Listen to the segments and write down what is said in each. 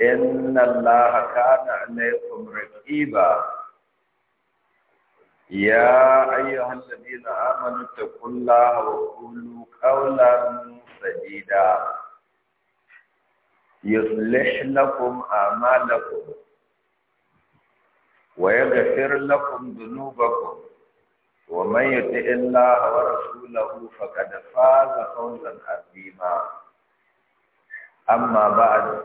إن الله كان عليكم رقيبا يا أيها الذين آمنوا اتقوا الله وقولوا قولا سديدا يصلح لكم أعمالكم ويغفر لكم ذنوبكم ومن يطع الله ورسوله فقد فاز فوزا عظيما أما بعد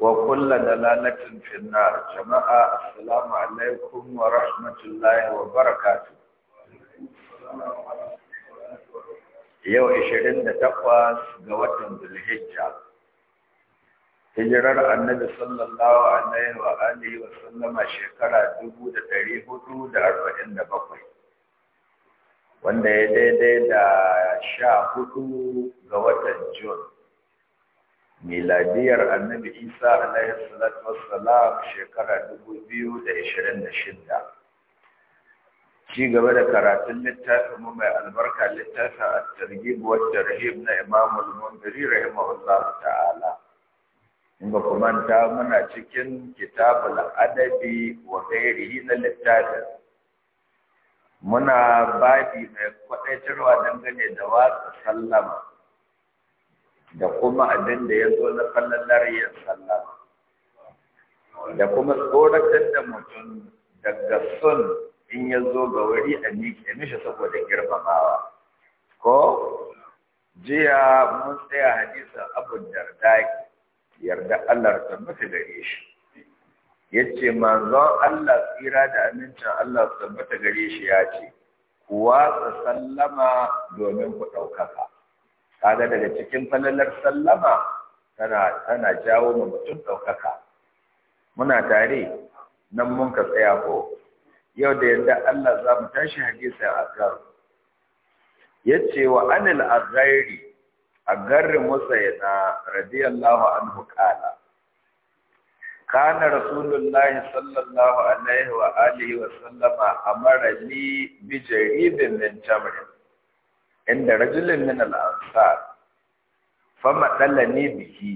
wa kulla dalalatin finnar jama'a assalamu alaikum wa rahmatullahi wa barakatu yau 28 ga watan zulhijja hijirar annabi sallallahu alaihi wa alihi wa sallama shekara 1447 wanda ya daidai da sha hudu ga watan Jun. miladiyar annabi isa alaihi salatu wassalam shekara 2026 ci gaba da karatun littafin mu mai albarka littafin at-targhib wa tarhib na imam al-munziri rahimahullah ta'ala inda kuma ta manta muna cikin kitabul adabi wa ghairihi na littafin muna babi mai kwadaitarwa dangane da wasu sallama da kuma abin da ya zo na kallon lariyar sallah da kuma tsoratar da mutum daga son in ya zo ga wuri a miƙe mishi saboda girmamawa ko jiya mun tsaya hadisin abu darda yarda Allah ta mutu gare shi Ya yace manzon Allah tsira da amincin Allah tabbata gare shi ya ce ku wasa sallama domin ku ɗaukaka kaga daga cikin falalar sallama tana tana jawo mu mutum ɗaukaka muna tare nan mun ka tsaya ko yau da yadda Allah za mu tashi hadisi a gar yace wa anil azairi agar musayna radiyallahu anhu qala kana rasulullahi sallallahu alaihi wa alihi wa sallama amara li bi jaribin min tamrin inda rajulun min al'ansar. al-ansar biki. dallani bihi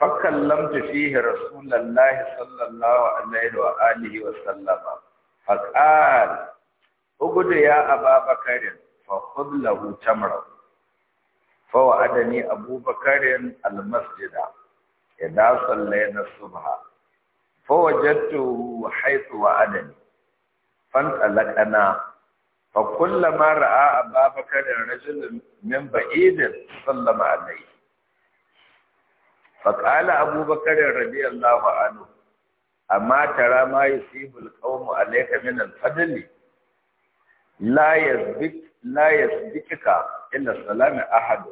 fakallamtu fihi rasulullahi sallallahu alaihi wa alihi wa sallama faqal ugudu ya ababakarin fa khudh lahu tamra fa wa'adani abubakarin almasjida idha sallayna subha fa wajadtuhu haythu wa'adani fantalaqana fa kullama ra'a ababakar rajulun min ba'idin sallama alayhi fa qala abubakar radiyallahu anhu amma tara ma yusibul qawmu alayka min al-fadli la yasbik la yasbikuka illa salama ahad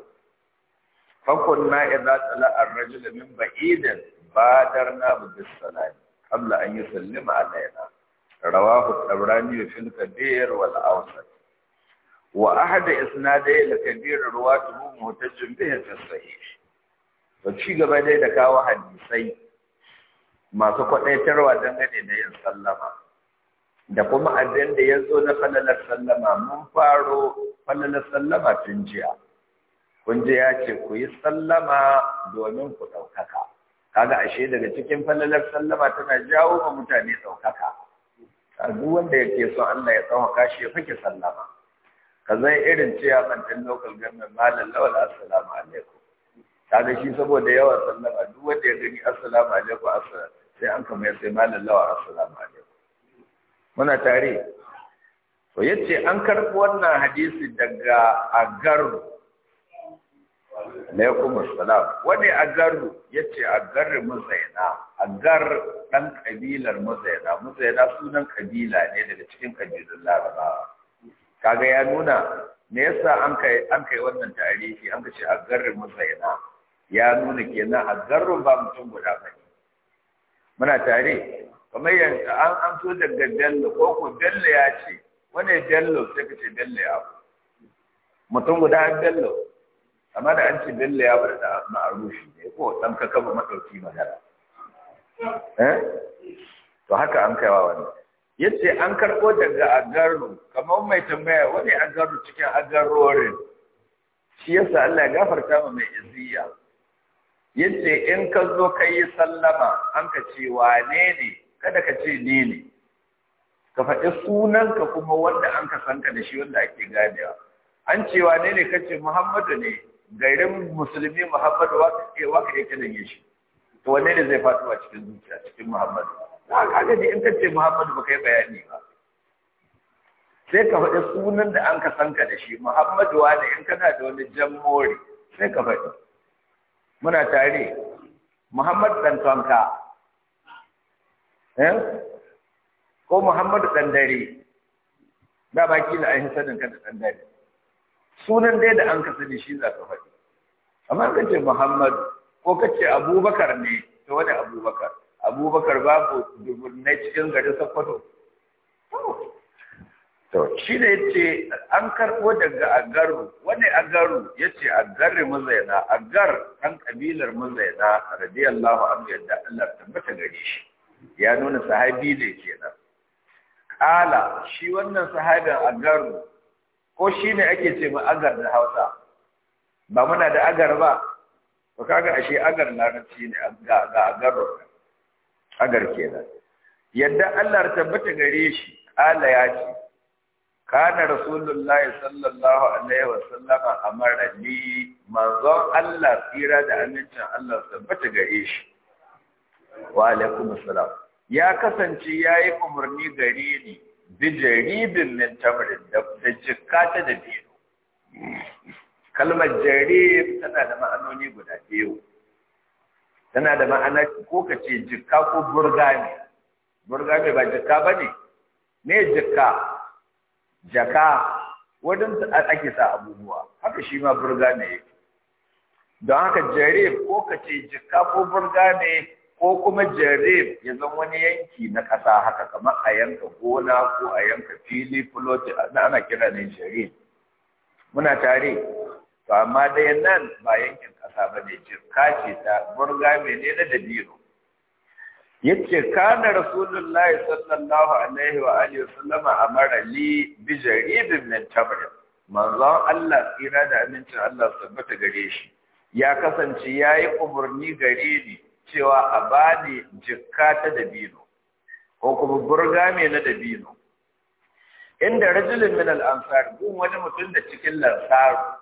fa kunna idza tala ar-rajulu min ba'idin badarna bis salami qabla an yusallima alayna rawahu tabrani fi al-kabir wal awsat wa ahad isnadai al-kabir ruwatuhu muhtajjun bihi fi sahih to ci gaba dai da kawo hadisai masu kwadaitarwa dangane da yin sallama da kuma abin da ya zo na falalar sallama mun faro falalar sallama tun jiya kun ji ya ku yi sallama domin ku ɗaukaka kaga ashe daga cikin falalar sallama tana jawo wa mutane ɗaukaka a duk wanda yake so Allah ya tsawon kashi ya fake sallama ka zai irin ce ban tun local government malam lawal assalamu alaikum da shi saboda yawan sallama duk wanda ya gani assalamu alaikum assalamu sai an kama sai malam lawal assalamu alaikum muna tare to yace an karɓi wannan hadisi daga agaru alaikum assalam wani agar yace agar mazaina agar dan kabilar mazaina mazaina sunan kabila ne daga cikin kabilun larabawa kaga ya nuna me yasa an kai an kai wannan tarihi an kace agar mazaina ya nuna kenan agarru ba mutum guda ne. muna tare kamar yanzu an an so daga dallo ko ko dallo ya ce wani dallo sai kace dallo ya mutum guda dallo amma da an ce bello ya bari da ma'arufi ne ko dan ka kama madauki magana eh to haka an kaiwa wani yace an karɓo daga agarro kamar mai tambaya wani agarro cikin agarrorin shi yasa Allah ya gafarta ma mai iziya yace in ka zo ka yi sallama an ka ce wane ne kada ka ce ni ne ka faɗi sunanka kuma wanda an ka sanka da shi wanda ake ganewa an ce wane ne ka ce Muhammadu ne Gairin musulmi muhammadu waka yake nan shi to wanne ne zai faɗo a cikin zuciya cikin muhammadu kaga ne in ka ce muhammadu ba kai bayani ba sai ka faɗi sunan da an ka san ka da shi muhammadu wani in kana da wani jan mori. sai ka faɗi muna tare muhammadu ɗan tonka eh? ko muhammadu ɗan dare da baki da ainihin sanin ka da ɗan dare sunan dai da an ka sani shi za ka faɗi amma ka ce muhammadu ko ka ce abubakar ne ta wani abubakar abubakar babu dubunnai cikin garin Sakkwato? to shi ne ce an karɓo daga agaru wani agaru ya ce agarri mazaina agar ɗan ƙabilar mazaina radiyallahu anhu yadda allah tabbata gare shi ya nuna sahabi ne kenan ƙala shi wannan sahabin agaru ko shi ne ake ce ma agar da hausa ba muna da agar ba to kaga ashe agar larabci ne ga ga agar agar kenan yadda Allah ya tabbata gare shi ala ya ce kana rasulullahi sallallahu alaihi wa sallama amara ni manzo Allah tsira da amincin Allah tabbata gare shi wa alaikum assalam ya kasance yayi umarni gare ni bi jaribin min tamrin da jikka ta da biyu kalmar jarib tana da ma'anoni guda biyu tana da ma'ana ko ka ce jikka ko burga ne burga ne ba jikka ba ne ne jikka jaka ta ake sa abubuwa haka shi ma burga ne don haka jarib ko ka ce jikka ko burga ne ko kuma jarib ya zama wani yanki na ƙasa haka kamar a yanka gona ko a yanka fili fuloti ana kira ne jarib muna tare to amma dai nan ba yankin ƙasa ba ne jirka ce ta burga ne na dabino yace kana rasulullahi sallallahu alaihi wa alihi wa sallama amara li bi jaribin min tabar manzon Allah tsira da amincin Allah tabbata gare shi ya kasance yayi umurni gare ni cewa a bani jikka ta dabino ko kuma burga mai na dabino inda rajulun min al-ansar gun wani mutum da cikin lansaru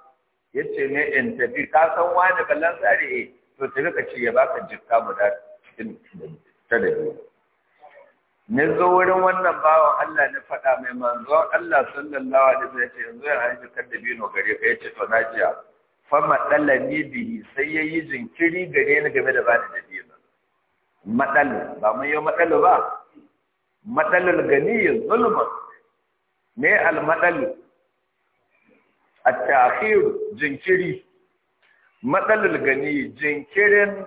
yace ne in tafi ka san wani ba lansar eh to tafi ka ce ya baka jikka da cikin ta dabino Ni zo wurin wannan bawan Allah na faɗa mai manzo Allah sallallahu alaihi wasallam yace yanzu ya an jikar dabino gare ka yace to najiya fama ni bihi sai yayi jinkiri gare ni game da bani da matsalo ba mun yi matsalo ba matsalol gani zulma ne almatsalo a tafiru jinkiri matsalol gani jinkirin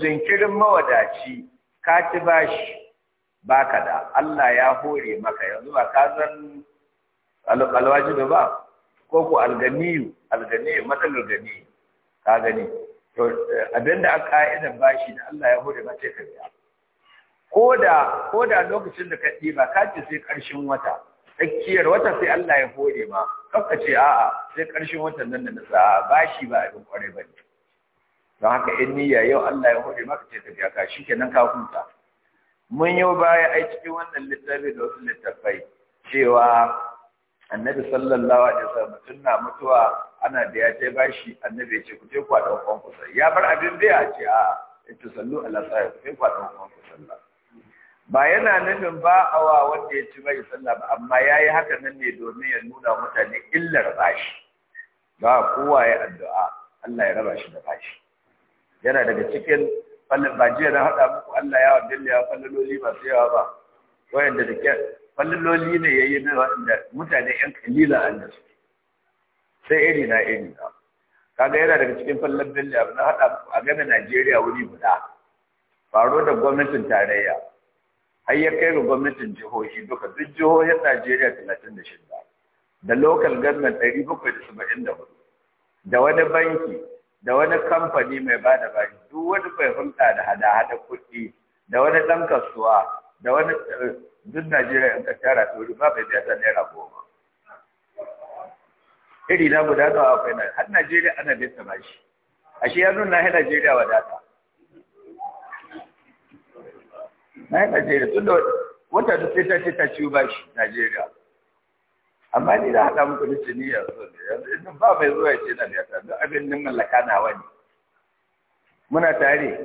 jinkirin mawadaci ka ci bashi ba ka da Allah ya hore maka yanzu ba ka zan alwajibi ba ko ku alganiyu alganiyu matsalar gani ka gani Eh, abinda a ka'idan bashi da Allah ya hore ba sai ka biya ko da lokacin da ka ba ka ce sai ƙarshen wata tsakiyar wata sai Allah ya hore ma kakka ce a'a sai ƙarshen watan nan da nasa bashi ba abin kwarai ba ne don haka in niyya yau Allah ya hore maka ce ka biya ka shi kenan ka huta mun yi baya ai cikin wannan littafi da wasu littafai cewa annabi sallallahu alaihi wasallam mutum na mutuwa ana da ya ce bashi annabi ya ce ku je ku da kwan ku ya bar abin da ya ce a ita sallu ala sai ku je ku da kwan ku sallah ba yana nufin ba a wa wanda ya ci mai sallah ba amma yayi haka nan ne domin ya nuna mutane illar bashi ba kowa ya addu'a Allah ya raba shi da bashi yana daga cikin fallin ba jiya na haɗa muku Allah ya wadda ya loli masu yawa ba wayanda da kyar loli ne yayi na wanda mutane yan kalila an da su sai iri na iri na kaga yana daga cikin fallon bello abu na haɗa a gane najeriya wuri guda faro da gwamnatin tarayya har ya kai ga gwamnatin jihohi duka duk jihohin najeriya talatin da shida da local government ɗari bakwai da saba'in da hudu da wani banki da wani kamfani mai ba da baki duk wani bai hulɗa da hada-hada kuɗi da wani ɗan kasuwa da wani eh, duk najeriya in ka tara ta ba bai biya ta naira goma iri na guda nawa akwai na har Najeriya ana lissa ta shi ashe ya nuna na Najeriya wadata na Najeriya tun da wata duk sai ta ce ta ciwo ba shi Najeriya amma ni da haɗa muku da ni yanzu yanzu ba mai zuwa ce na ya don abin nan mallaka na wani muna tare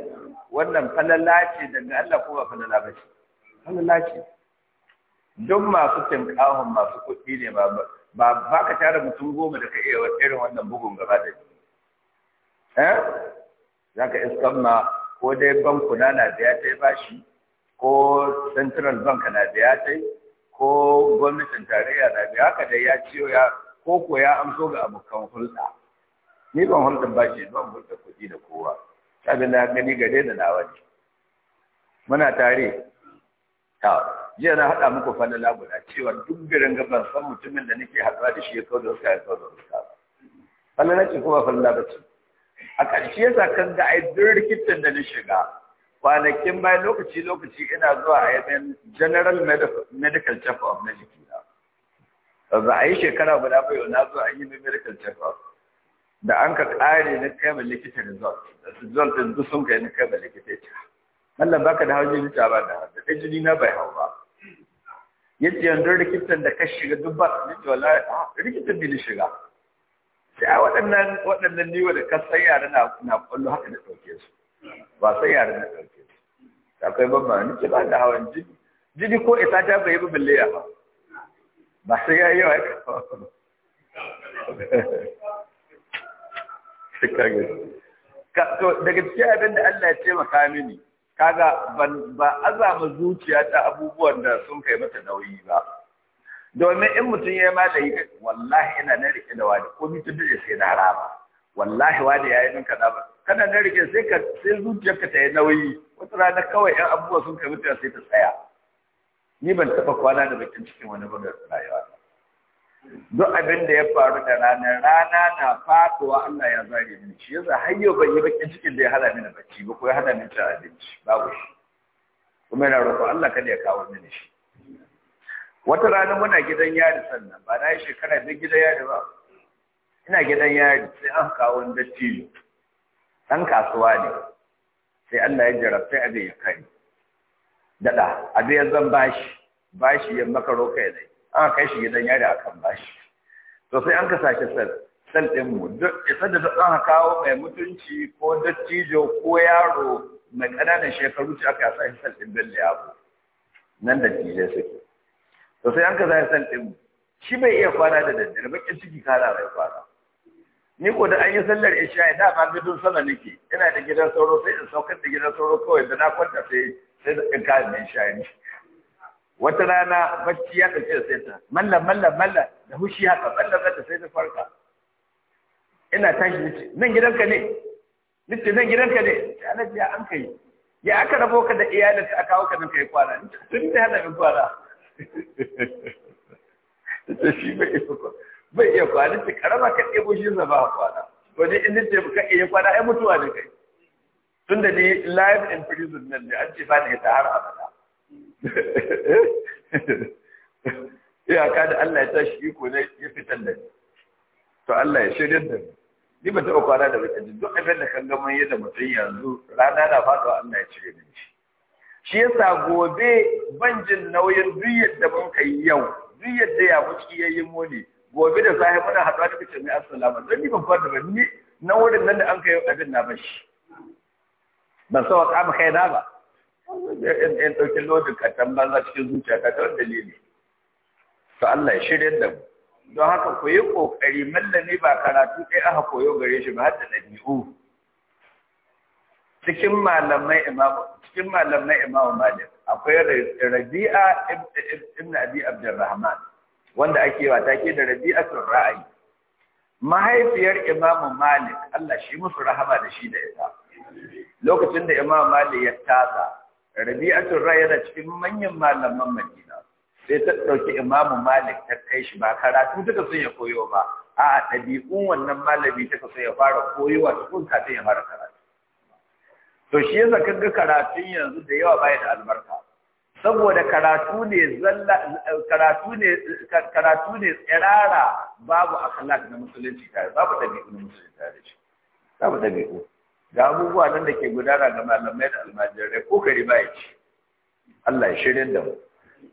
wannan falala ce daga Allah ko ba falala ba ce falala ce don masu tinkahun masu kuɗi ne ba ba ba ka tara mutum goma da ka iya irin wannan bugun gaba da eh za ka iskan ma ko dai bankuna na biya ta bashi ko central bank na biya ta ko gwamnatin tarayya na biya haka dai ya ciyo ya ko ko ya amso ga abokan hulɗa ni ban hulɗar bashi ban hulɗa kuɗi da kowa abin da gani gare da nawa ne muna tare jiya na haɗa muku falala guda cewa duk birin gaban san mutumin da nake haɗuwa da shi ya kawo da wasu ya kawo da wasu falala ce kuma falala ba a ƙarshe yasa kan ga ai duk rikicin da na shiga kwanakin bayan lokaci lokaci ina zuwa a yamin general medical check up na jikina ba a yi shekara guda ba na zuwa an yi medical check up da an ka ƙare na kai ma likita result result ɗin duk sun kai na kai ma likita ya mallan baka da hawan jini ta ba da da jini na bai hau ba yace yanzu rikitan da ka shiga duk ba to wallahi rikitan ah, bi shiga sai a ah, waɗannan waɗannan niwa da ka sai yara na na kullu haka da dauke su ba sai yara na dauke su akwai babba ni ce ba da hawan jini jini ko ita ta bai ba balle ya ba ba sai ya yi wa daga cikin abin da Allah ya taimaka mini kaga ban ba azama zuciya ta abubuwan da sun kai mata nauyi ba domin in mutum ya ma da yi wallahi ina na rike da wani ko mutum da sai na rama wallahi wani yayi min kaza ba kana na rike sai ka sai zuciyarka ta yi nauyi wata rana kawai yan abubuwa sun kai mata sai ta tsaya ni ban taba kwana da bakin cikin wani bugar rayuwa duk abin da ya faru da rana rana na fatuwa Allah ya zare min shi yasa har yau ban yi bakin cikin da ya hada mini bacci ba ko ya hada mini cin abinci babu shi kuma yana roƙo Allah kada ya kawo mini shi wata rana muna gidan yari sannan ba na yi shekara da gidan yari ba ina gidan yari sai an kawo wani dattijo ɗan kasuwa ne sai Allah ya jarabta abin ya kai daɗa abin ya zan bashi bashi ya maka roƙa ya an kai shi gidan yari a kan bashi to sai an kasa shi sel sel ɗin mu isa da an kawo mai mutunci ko dattijo ko yaro mai ƙananan shekaru ce aka sa shi sel bin da yaro nan da suke to sai an kasa shi sel ɗin mu shi bai iya kwana da daddare bakin ciki kala bai kwana ni ko da an yi sallar isha'i da ma gidan sama nake ina da gidan sauro sai in saukar da gidan sauro kawai da na kwanta sai sai in kayan mai isha'i wata rana bacci ya ɗauke da sai ta mallam mallam mallam da hushi haka mallam mallam sai ta farka ina tashi nace nan gidanka ne nace nan gidanka ne ya nace ya an kai ya aka rabo ka da iyalinka aka kawo ka nan kai kwana tun da hada min kwana ta shi bai iya kwana bai iya kwana ta karama ka ɗebo shi ba kwana wani in nace ka iya kwana ai mutuwa ne kai tun da ni live in prison nan ne an ce ba ni ta har abada ka da Allah ya tashi iko ne ya fitar da ni to Allah ya shirya da ni ni ba taɓa kwana da wata jin duk abin da kan gama yadda mutum yanzu rana na faɗo Allah ya cire min shi shi sa gobe ban jin nauyin duk yadda mun kai yau duk yadda ya muci yayi muni gobe da safe muna haɗuwa da kace mai assalamu dan ni ban fada ba ni na wurin nan da an kai abin na bashi ban sawa kai na ba in ɗauki lodin katan banza cikin zuciya ta tawar dalili to Allah ya shirya da mu don haka ku yi ƙoƙari mallami ba karatu ɗaya aka koyo gare shi ba har da dabi'u. cikin malamai imamu cikin malamai imamu malik akwai rabi'a ibn abi abdurrahman wanda ake wa take da tun ra'ayi mahaifiyar imamu malik Allah shi musu rahama da shi da ita lokacin da imamu malik ya tasa rabi'atul rai yana cikin manyan malaman madina sai ta dauki imamu malik ta kai shi ba karatu duka sun ya koyo ba a ɗabi'un wannan malami ta so ya fara koyowa tukun kafin ya fara karatu to shi yasa kaga karatun yanzu da yawa baya da albarka saboda karatu ne zalla karatu ne karatu ne tsirara babu akhlaq na musulunci tare babu ɗabi'u musulunci tare babu ɗabi'u ga abubuwa nan da ke gudana ga malamai da almajirai ko kare ba ya ci Allah ya shirin da mu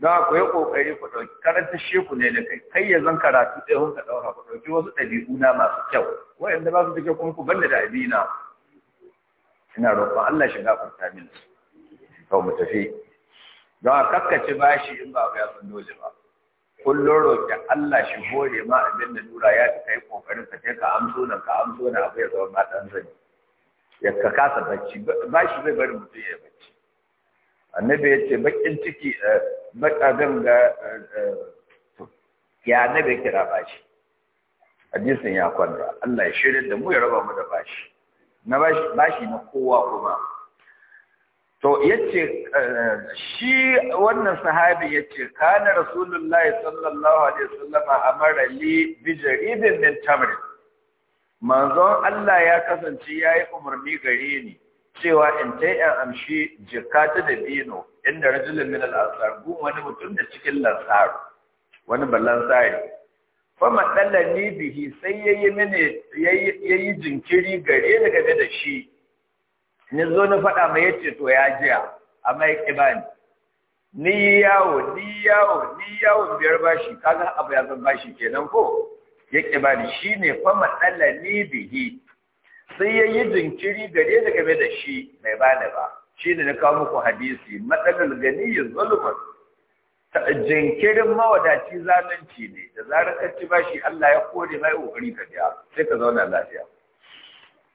don ku yi kokari ku ɗauki karanta sheku ne da kai kai ya zan karatu ɗaya hunka ka ɗaura ku ɗauki wasu ɗabi'u na masu kyau wa'anda ba su da kuma ku banda da abina ina roƙon Allah shi kwanta min to mu tafi don a kakkace bashi in ba ya san dole ba kullum roƙi Allah shi hore ma abin da nura ya fi kai kokarin ka ka amso nan ka amso na abu ya zama ma ɗan zani ya ka kasa bacci ba shi zai bari mutum ya bacci annabi ya ce bakin ciki eh, bakagan ga eh, eh, ya annabi kira bashi hadisin ya kwanta Allah ya shirin da mu ya raba mu da bashi na bashi na kowa kuma to yace shi wannan sahabi yace kana rasulullahi sallallahu alaihi wasallam amara li bi min tamrin manzon Allah ya kasance ya yi umarni gare ni cewa in ta yi amshi jikata da dino inda rajulun min al'asar gun wani mutum da cikin lansaru wani ballan tsari fama ni bihi sai yayi mini ya jinkiri gare ni game da shi ni zo na faɗa mai yace to ya jiya amma ya ƙi bani ni yawo ni yawo ni yawo biyar bashi kaga abu ya zan bashi kenan ko ya kibali shi ne fa matsala ne bihi sai ya yi jinkiri gare da game da shi mai bani ba shi ne na kawo muku hadisi matsalar gani ya zulmar jinkirin mawadaci zalunci ne da zarar ka ci bashi Allah ya kore mai kokari ka biya sai ka zauna lafiya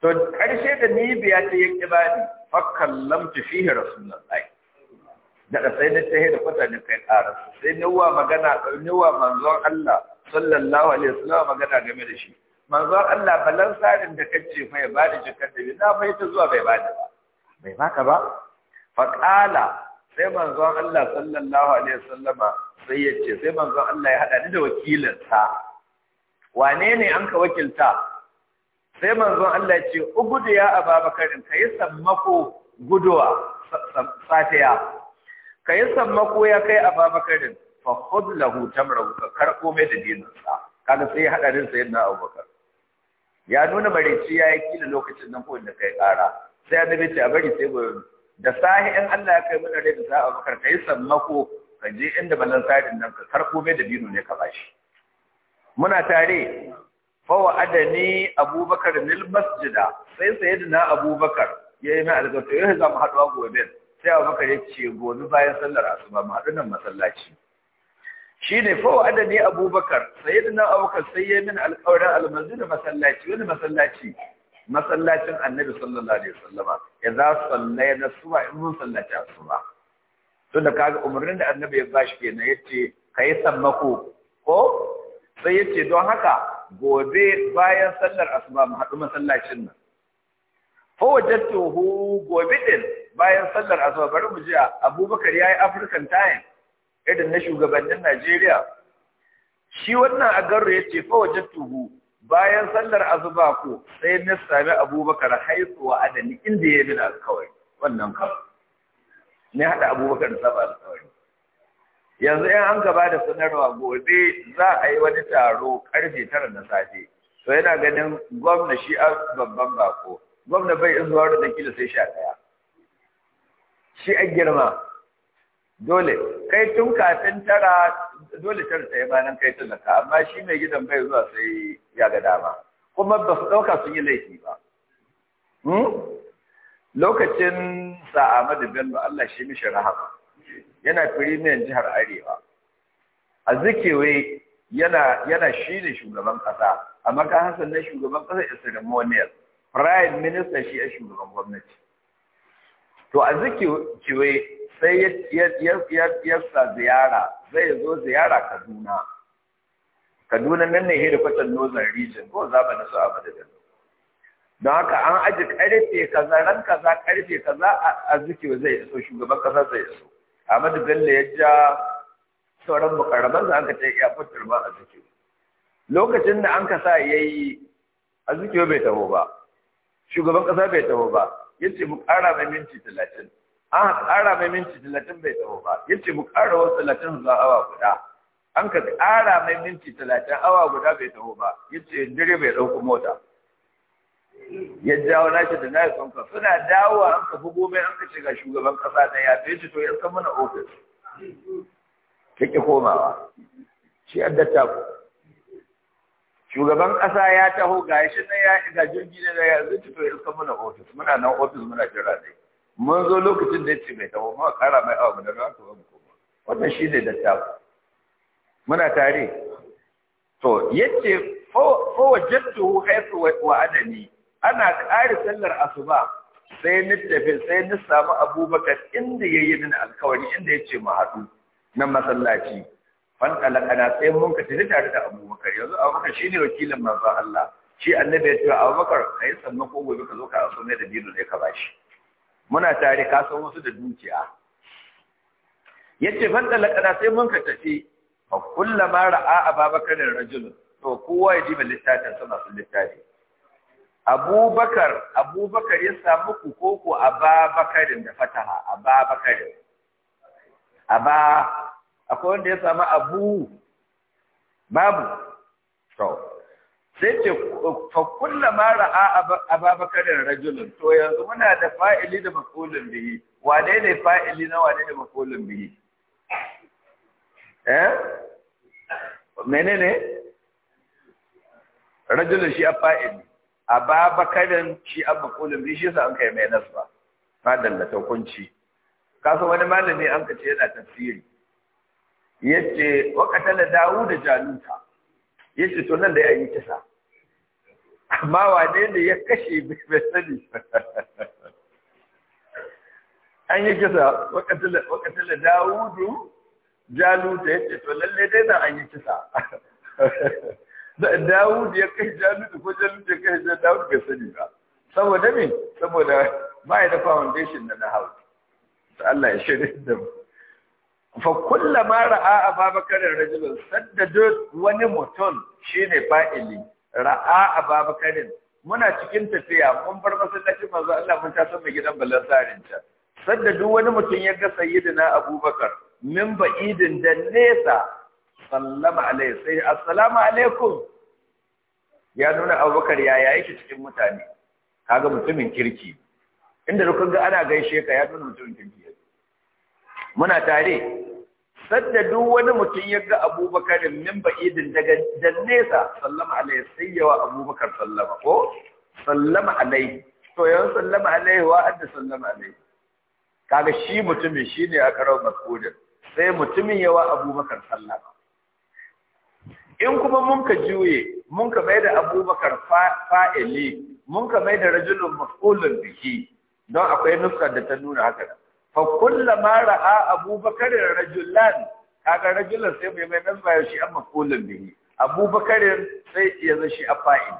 to karshe da ni biya ta yake bani fa kallamtu fihi rasulullahi daga sai na tahe da kwata da kai ƙara sai nuwa magana nuwa manzon Allah sallallahu alaihi wasallam magana game da shi manzo Allah balan sarin da kace fa ya bada jikar da na fa ita zuwa bai bada ba bai baka ba fa qala sai manzo Allah sallallahu alaihi wasallama sai ya ce sai manzo Allah ya hada ni da wakilinsa wane ne an ka wakilta sai manzo Allah ya ce ubudu ya ababakar kai sammako guduwa safiya kai sammako ya kai ababakarin fa khudh lahu tamrahu ka karko mai da dinin sa kaga sai ya hada din Abu Abubakar ya nuna ya yayi kila lokacin nan ko inda kai kara sai annabi ce a bari sai da sahi in Allah ya kai mana rai da sa'a Abubakar kai sammako ka je inda ballan sa'idin nan ka karko mai da dinin ne ka bashi muna tare fawa adani abubakar nil masjida sai na abubakar ya yi mai alƙawari yau eh, za mu haɗu gobe sai abubakar ya ce gobe bayan sallar asuba mu haɗu nan masallaci shi ne fawa adani abubakar sayyidina abubakar sai ya min alƙawarin da masallaci wani masallaci masallacin annabi sallallahu alaihi wasallama ya za sallaya na suwa in mun sallaci asuba to da kaga umarnin da annabi ya bashi kenan yace kai sammako ko sai yace don haka gobe bayan sallar asuba mu haɗu masallacin nan fa wajadtuhu gobe din bayan sallar asuba bari mu ji abubakar yayi african time irin na shugabannin Najeriya shi wannan a garo ya ce fawajen tuhu bayan sallar azuba ko sai na sami abubakar haifuwa adali inda ya bina kawai wannan kawai Ni haɗa abubakar saba kawai. yanzu yan an gaba da sanarwa gobe za a yi wani taro karfe tara na safe to yana ganin gwamna shi a babban bako gwamna bai in zuwa da kila sai sha ɗaya shi a girma dole kai tun kafin tara dole tara ta yi bayan kai talaka amma shi mai gidan bai zuwa sai ya ga dama kuma ba su ɗauka sun yi laifi ba hmm? lokacin sa Ahmadu Bello Allah shi mishi rahama yana premier jihar Arewa a zikewe yana yana shi ne shugaban kasa amma ka hasan ne shugaban kasa Isramonial prime minister shi a shugaban gwamnati to a zikewe sai ya sa ziyara zai zo ziyara kaduna kaduna nan ne hidda kwatan northern region ko za ba nasu abu da gano don haka an aji karfe kaza ran kaza karfe kaza a zikiwa zai iso shugaban kasa zai iso ahmadu bello ya ja sauran mukarraban za ka ta iya fitar ba a zikiwa lokacin da an kasa ya yi a zikiwa bai taho ba shugaban kasa bai taho ba yace mu kara mai minti talatin an ƙara mai minti talatin bai tsawo ba ya ce mu ƙara wasu talatin zuwa awa guda an ka ƙara mai minti talatin awa guda bai tsawo ba ya ce dire bai ɗauko mota ya jawo nashi da na yi ka suna dawowa an ka bugo mai an ka ce ga shugaban ƙasa na ya ce to ya san mana ofis ƙi komawa shi datta ku shugaban ƙasa ya taho ga shi na ya ga jirgi na ya zai to ya san mana ofis muna nan ofis muna jira dai mun zo lokacin da yace mai tawo ma kara mai abu da ba mu koma wannan shi ne dattawa muna tare to yace fa wajadtuhu haythu wa adani ana kare sallar asuba sai ni tafi sai ni samu abubakar inda yayi din alkawari inda yace mu haɗu na masallaci fan alaqana sai mun ka tafi tare da abubakar yanzu abubakar shine wakilin manzo Allah shi annabi ya ce abubakar kai sannan ko gobe ka zo ka aso ne da bidu ne ka bashi muna tare ka san wasu da dukiya yace fan talaka sai mun ka tafi fa kullama ra'a ababakar rajul to kowa ya bil littafin sana sun littafi abubakar abubakar ya samu ku koko Ababakar da fataha ababakarin aba akwai wanda ya samu abu babu to sai ce fa ma ra'a ababakarin rajulun to yanzu muna da fa'ili da maf'ulun bihi wane ne fa'ili na wane da maf'ulun bihi eh menene rajulun shi a fa'ili ababakarin shi a maf'ulun bihi shi sa an kai mai nasba fadalla da kunci kaso wani malami an kace yana tafsiri yace wa qatala da jalunta yace to nan da yayi kisa amma wane ne ya kashe bai sani an yi kisa wakatila dawudu da ya ce to lalle dai na an yi kisa dawudu ya kashe da ko jaluta ya kashe dawudu bai sani ba saboda me saboda ba ya da foundation na nahau Allah ya shirin da mu fa kullama ra'a ababakar rajulun saddadu wani mutum shine fa'ili ra'a ababakarin muna cikin tafiya mun bar masallacin manzo Allah mun taso mai gidan ballan sarin ta sadda duk wani mutum ya ga sayyidina Abubakar min ba'idin da nesa sallama alaihi sai assalamu alaikum ya nuna Abubakar ya yayi shi cikin mutane kaga mutumin kirki inda duk ga ana gaishe ka ya nuna mutumin kirki muna tare sadda duk wani mutum ya ga abubakar min ba'idin daga da nesa sallama alaihi sai yawa abubakar sallama ko sallama alaihi to yawan sallama alaihi wa adda sallama alaihi kaga shi mutumin shi ne a karar maskudin sai mutumin yawa abubakar sallama in kuma mun ka juye mun ka mai da abubakar fa'ili mun ka mai da rajulun mas'ulun biki don akwai nuskar da ta nuna haka fa kullama ra'a abubakar rajulan kaga rajulan sai mai mai nan bayan shi an maqulun bihi abubakar sai ya zo shi afa'in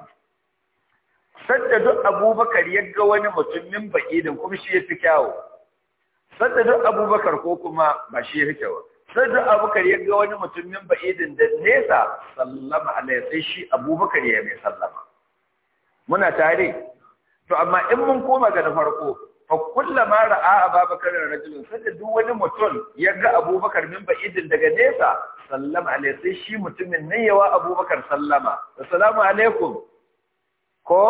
sadda duk abubakar ya ga wani mutum min ba'idin kuma shi ya fi kyawu sadda duk abubakar ko kuma ba shi ya fi kyawo sadda da abubakar ya ga wani mutumin ba'idin da nesa sallama alaihi sai shi abubakar ya mai sallama muna tare to amma in mun koma ga na farko fa kullama ra'a ababakar rajulun sanda duk wani mutum ya ga abubakar min ba'idin daga nesa sallama alaihi sai shi mutumin nan yawa abubakar sallama assalamu alaikum ko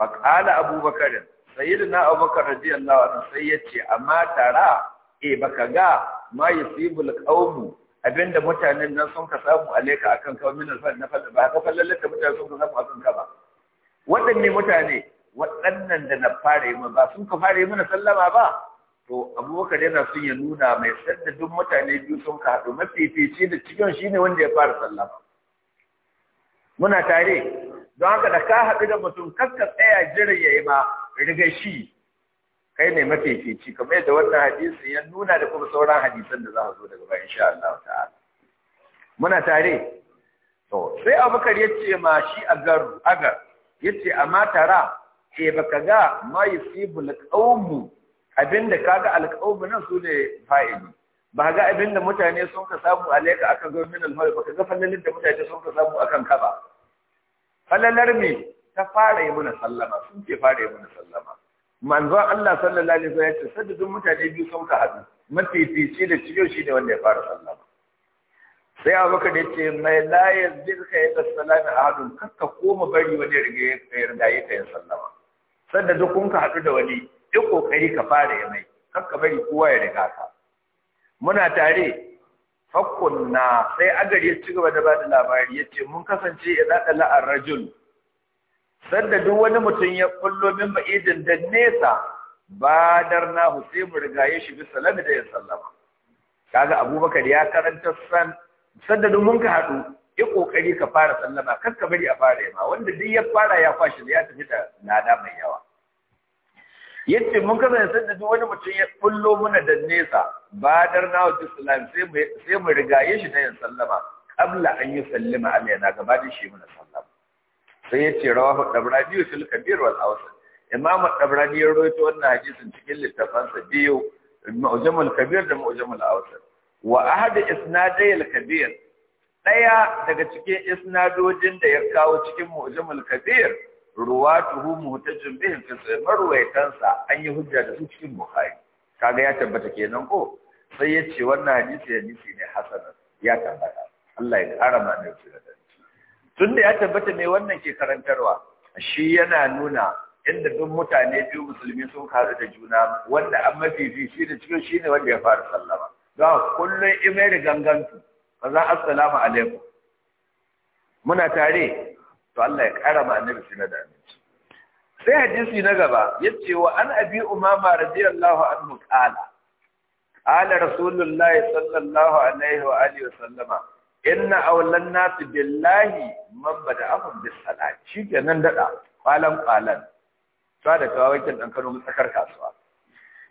fa qala abubakar sayyidina abubakar radiyallahu anhu sai yace amma tara e baka ga ma yusibul qawmu abinda mutanen nan sun ka samu alaika akan kawai min alfa na fa ba ka fallallata mutane sun ka samu akan ka ba waɗanne mutane waɗannan da na fara yi ba sun ka fara yi mana sallama ba to abubakar yana son ya nuna mai sadda duk mutane biyu sun ka haɗu mafifici da cikin shi ne wanda ya fara sallama muna tare don haka da ka haɗu da mutum kakka tsaya jiran ya yi ma riga shi kai ne mafifici kamar yadda wannan hadisin ya nuna da kuma sauran hadisan da za a zo daga bayan sha, Allah ta'ala muna tare to sai abubakar ya ce ma shi agar agar ya ce amma tara ce baka ga ma yusibul qaumu abinda kaga alqaumu nan su ne fa'ili ba ga abinda mutane sun ka samu alaika aka zo min ba baka ga fallalin da mutane sun ka samu a kan kaba. fallalar me ta fara yi mana sallama sun ce fara yi mana sallama manzon Allah sallallahu alaihi wasallam ya ce saddadin mutane biyu sun ka hadu mafifici da ciyo shi ne wanda ya fara sallama sai abubakar ya ce mai layar jirka ya da salami ahadun kakka koma bari wani riga ya riga ya kayan sallama sanda duk kun ka haɗu da wani duk kokari ka fara ya mai kar ka bari kowa ya riga ka muna tare na sai agari ya ci gaba da bada da labari ya ce mun kasance ya zaɗa la'ar rajul sanda duk wani mutum ya kullo min ba'idin da nesa badar na sai mu riga ya shiga salami da ya sallama kaga abubakar ya karanta san sanda duk mun ka haɗu yi kokari ka fara sallama kar ka bari a fara yamma wanda duk ya fara ya fashi ya tafi da nada mai yawa yace mun kasance da duk wani mutum ya bullo mana da nesa badar na wa sallama sai mu riga mu shi da yin sallama Kabla an yi sallama gaba da shi mana sallama sai yace rawahu dabrani sul kabir wal awsa imam dabrani ya rawaito wannan hadisin cikin littafansa biyu mu'jamul kabir da mu'jamul awsa wa ahad isnadai al kabir ɗaya daga cikin isnadojin da ya kawo cikin mu'jamul kabir ruwatuhu muhtajjun bihi fi sahih marwaytansa an yi hujja da su cikin bukhari kaga ya tabbata kenan ko sai ya ce wannan hadisi hadisi ne hasan ya tabbata Allah ya kara mana da tunda ya tabbata me wannan ke karantarwa shi yana nuna inda duk mutane biyu musulmi sun kare da juna wanda an mafifi shi da cikin shi ne wanda ya fara sallama don kullum imai da gangantu maza assalamu alaikum muna tare to Allah ya kara ma annabi shi na da aminci sai hadisi na gaba yace wa an abi umama radiyallahu anhu qala qala rasulullahi sallallahu alaihi wa alihi wa sallama inna awlan nas billahi man bada'ahum bis salati kenan dada qalan qalan sa da kawakin dan kano tsakar kasuwa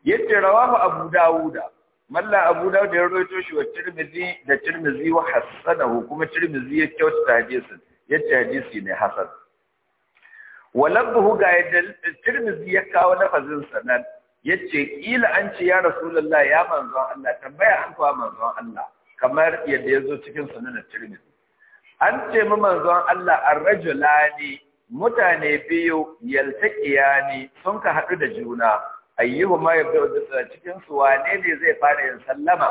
yace rawahu abu dawuda malla abu dawud ya rawaito shi wa tirmidhi da tirmidhi wa hasanahu kuma tirmidhi ya kyautata hadisin yace hadisi ne hasan walabbuhu ga yadda tirmidhi ya kawo lafazin sanan yace kila an ce ya rasulullahi ya manzon Allah tambaya an kawo manzon Allah kamar yadda yazo cikin sunan tirmidhi an ce mu manzon Allah ar-rajulani mutane biyu yaltaqiyani sun ka hadu da juna ayyuhu ma yabda da cikin su wane ne zai fara yin sallama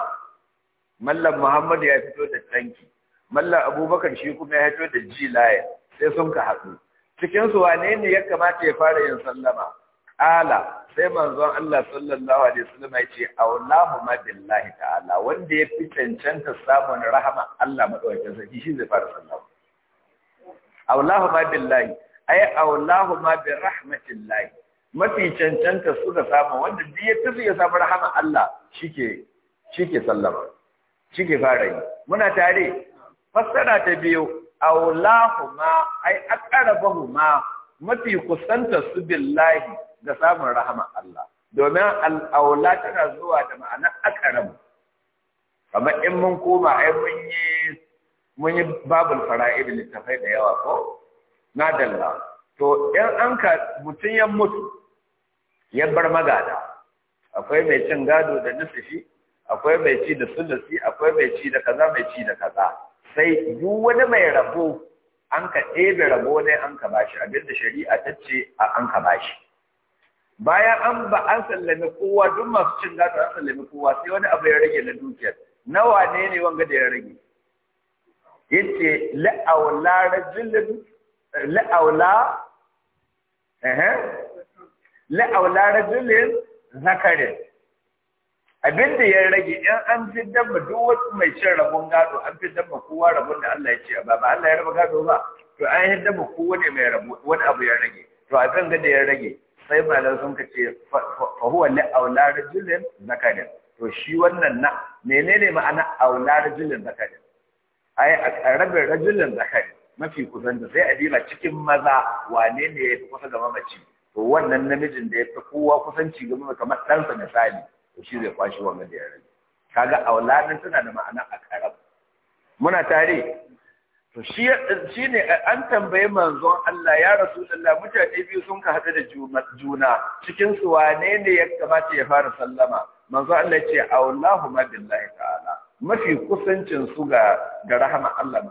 mallam Muhammad ya fito da tanki mallam Abubakar shi kuma ya fito da jilaya sai sun ka haɗu cikin su wane ne ya kamata ya fara yin sallama ala sai manzon Allah sallallahu alaihi wasallam ya ce aulahu ma billahi ta'ala wanda ya fi cancanta samun rahama Allah madaukakin sarki shi zai fara sallama aulahu ma billahi ay awlahu ma birahmatillahi mafi cancanta suka samu wanda duk ya tafi ya samu rahama Allah shike shike sallama shike fara yi muna tare fassara ta biyu aulahuma ai aqrabahuma mafi kusanta su billahi da samun rahama Allah domin al'aula tana zuwa da ma'anar aqrab kamar in mun koma ai mun yi mun yi babul fara'id littafai da yawa ko na dalla to in an ka mutun ya mutu ya bar magada akwai mai cin gado da nisifi akwai mai ci da sulusi akwai mai ci da kaza mai ci da kaza sai duk wani mai rabo an ka ɗebe rabo ne an ka bashi abinda shari'a ta ce a an ka bashi bayan an ba an sallami kowa duk masu cin gado an sallami kowa sai wani abu ya rage na dukiyar nawa ne ne wanga da ya rage yace la'aula rajulun la'aula eh aula rajulin zakarin abin da ya rage in an fi dabba duk wasu mai cin rabon gado an fi dabba kowa rabon da Allah ya ce ba ba Allah ya raba gado ba to an yi dabba kowane mai rabo wani abu ya rage to a kan da ya rage sai malam sun ka ce fa huwa aula rajulin zakarin to shi wannan na menene ma'ana aula rajulin zakarin ai a rabin rajulin zakarin, mafi kusan da sai a dila cikin maza wane ne ya fi kusa ga mamaci to wannan namijin da ya fi kowa kusanci ga mai kamar ɗansa misali to shi zai kwashe wannan da ya rage kaga auladin tana da ma'ana a karab muna tare to shi ne an tambayi manzon Allah ya rasulullahi mutane biyu sun ka hada da juna cikin su wane ne ya kamata ya fara sallama manzon Allah ya ce aulahu ma billahi ta'ala mafi kusancin su ga ga rahama Allah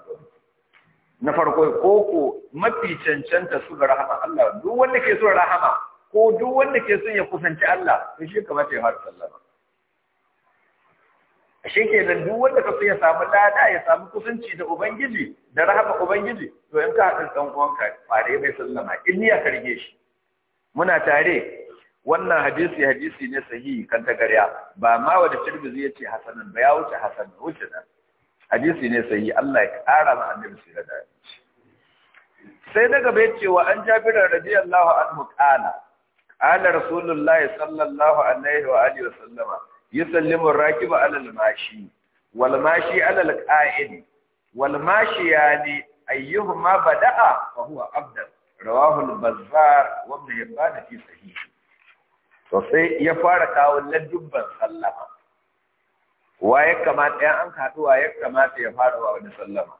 na farko ko ko mafi cancanta su ga rahama Allah duk wanda ke son rahama ko duk wanda ke son ya kusanci Allah to shi kamar har sallama shi ke nan duk wanda ka so ya samu lada ya samu kusanci da ubangiji da rahama ubangiji to in ka haɗa ɗan uwanka fare mai sallama in ya karge shi muna tare wannan hadisi hadisi ne sahihi kan ta ba ma wanda Tirmidhi yace hasanan ba ya wuce hasan wuce nan hadisi ne sai Allah ya kara ma annabi sai da dai sai na gaba yace wa an Jabir radiyallahu anhu qala qala rasulullahi sallallahu alaihi wa alihi wa sallama yusallimu ar-rakibu ala al-mashi wal mashi ala al-qa'id wal mashi yani ayyuhuma bada'a fa huwa abdal rawahu al-bazzar wa ibn hibban fi sahih to sai ya fara kawo ladubban sallama wa ya kamata ya an haɗu wa ya kamata ya fara wa wani sallama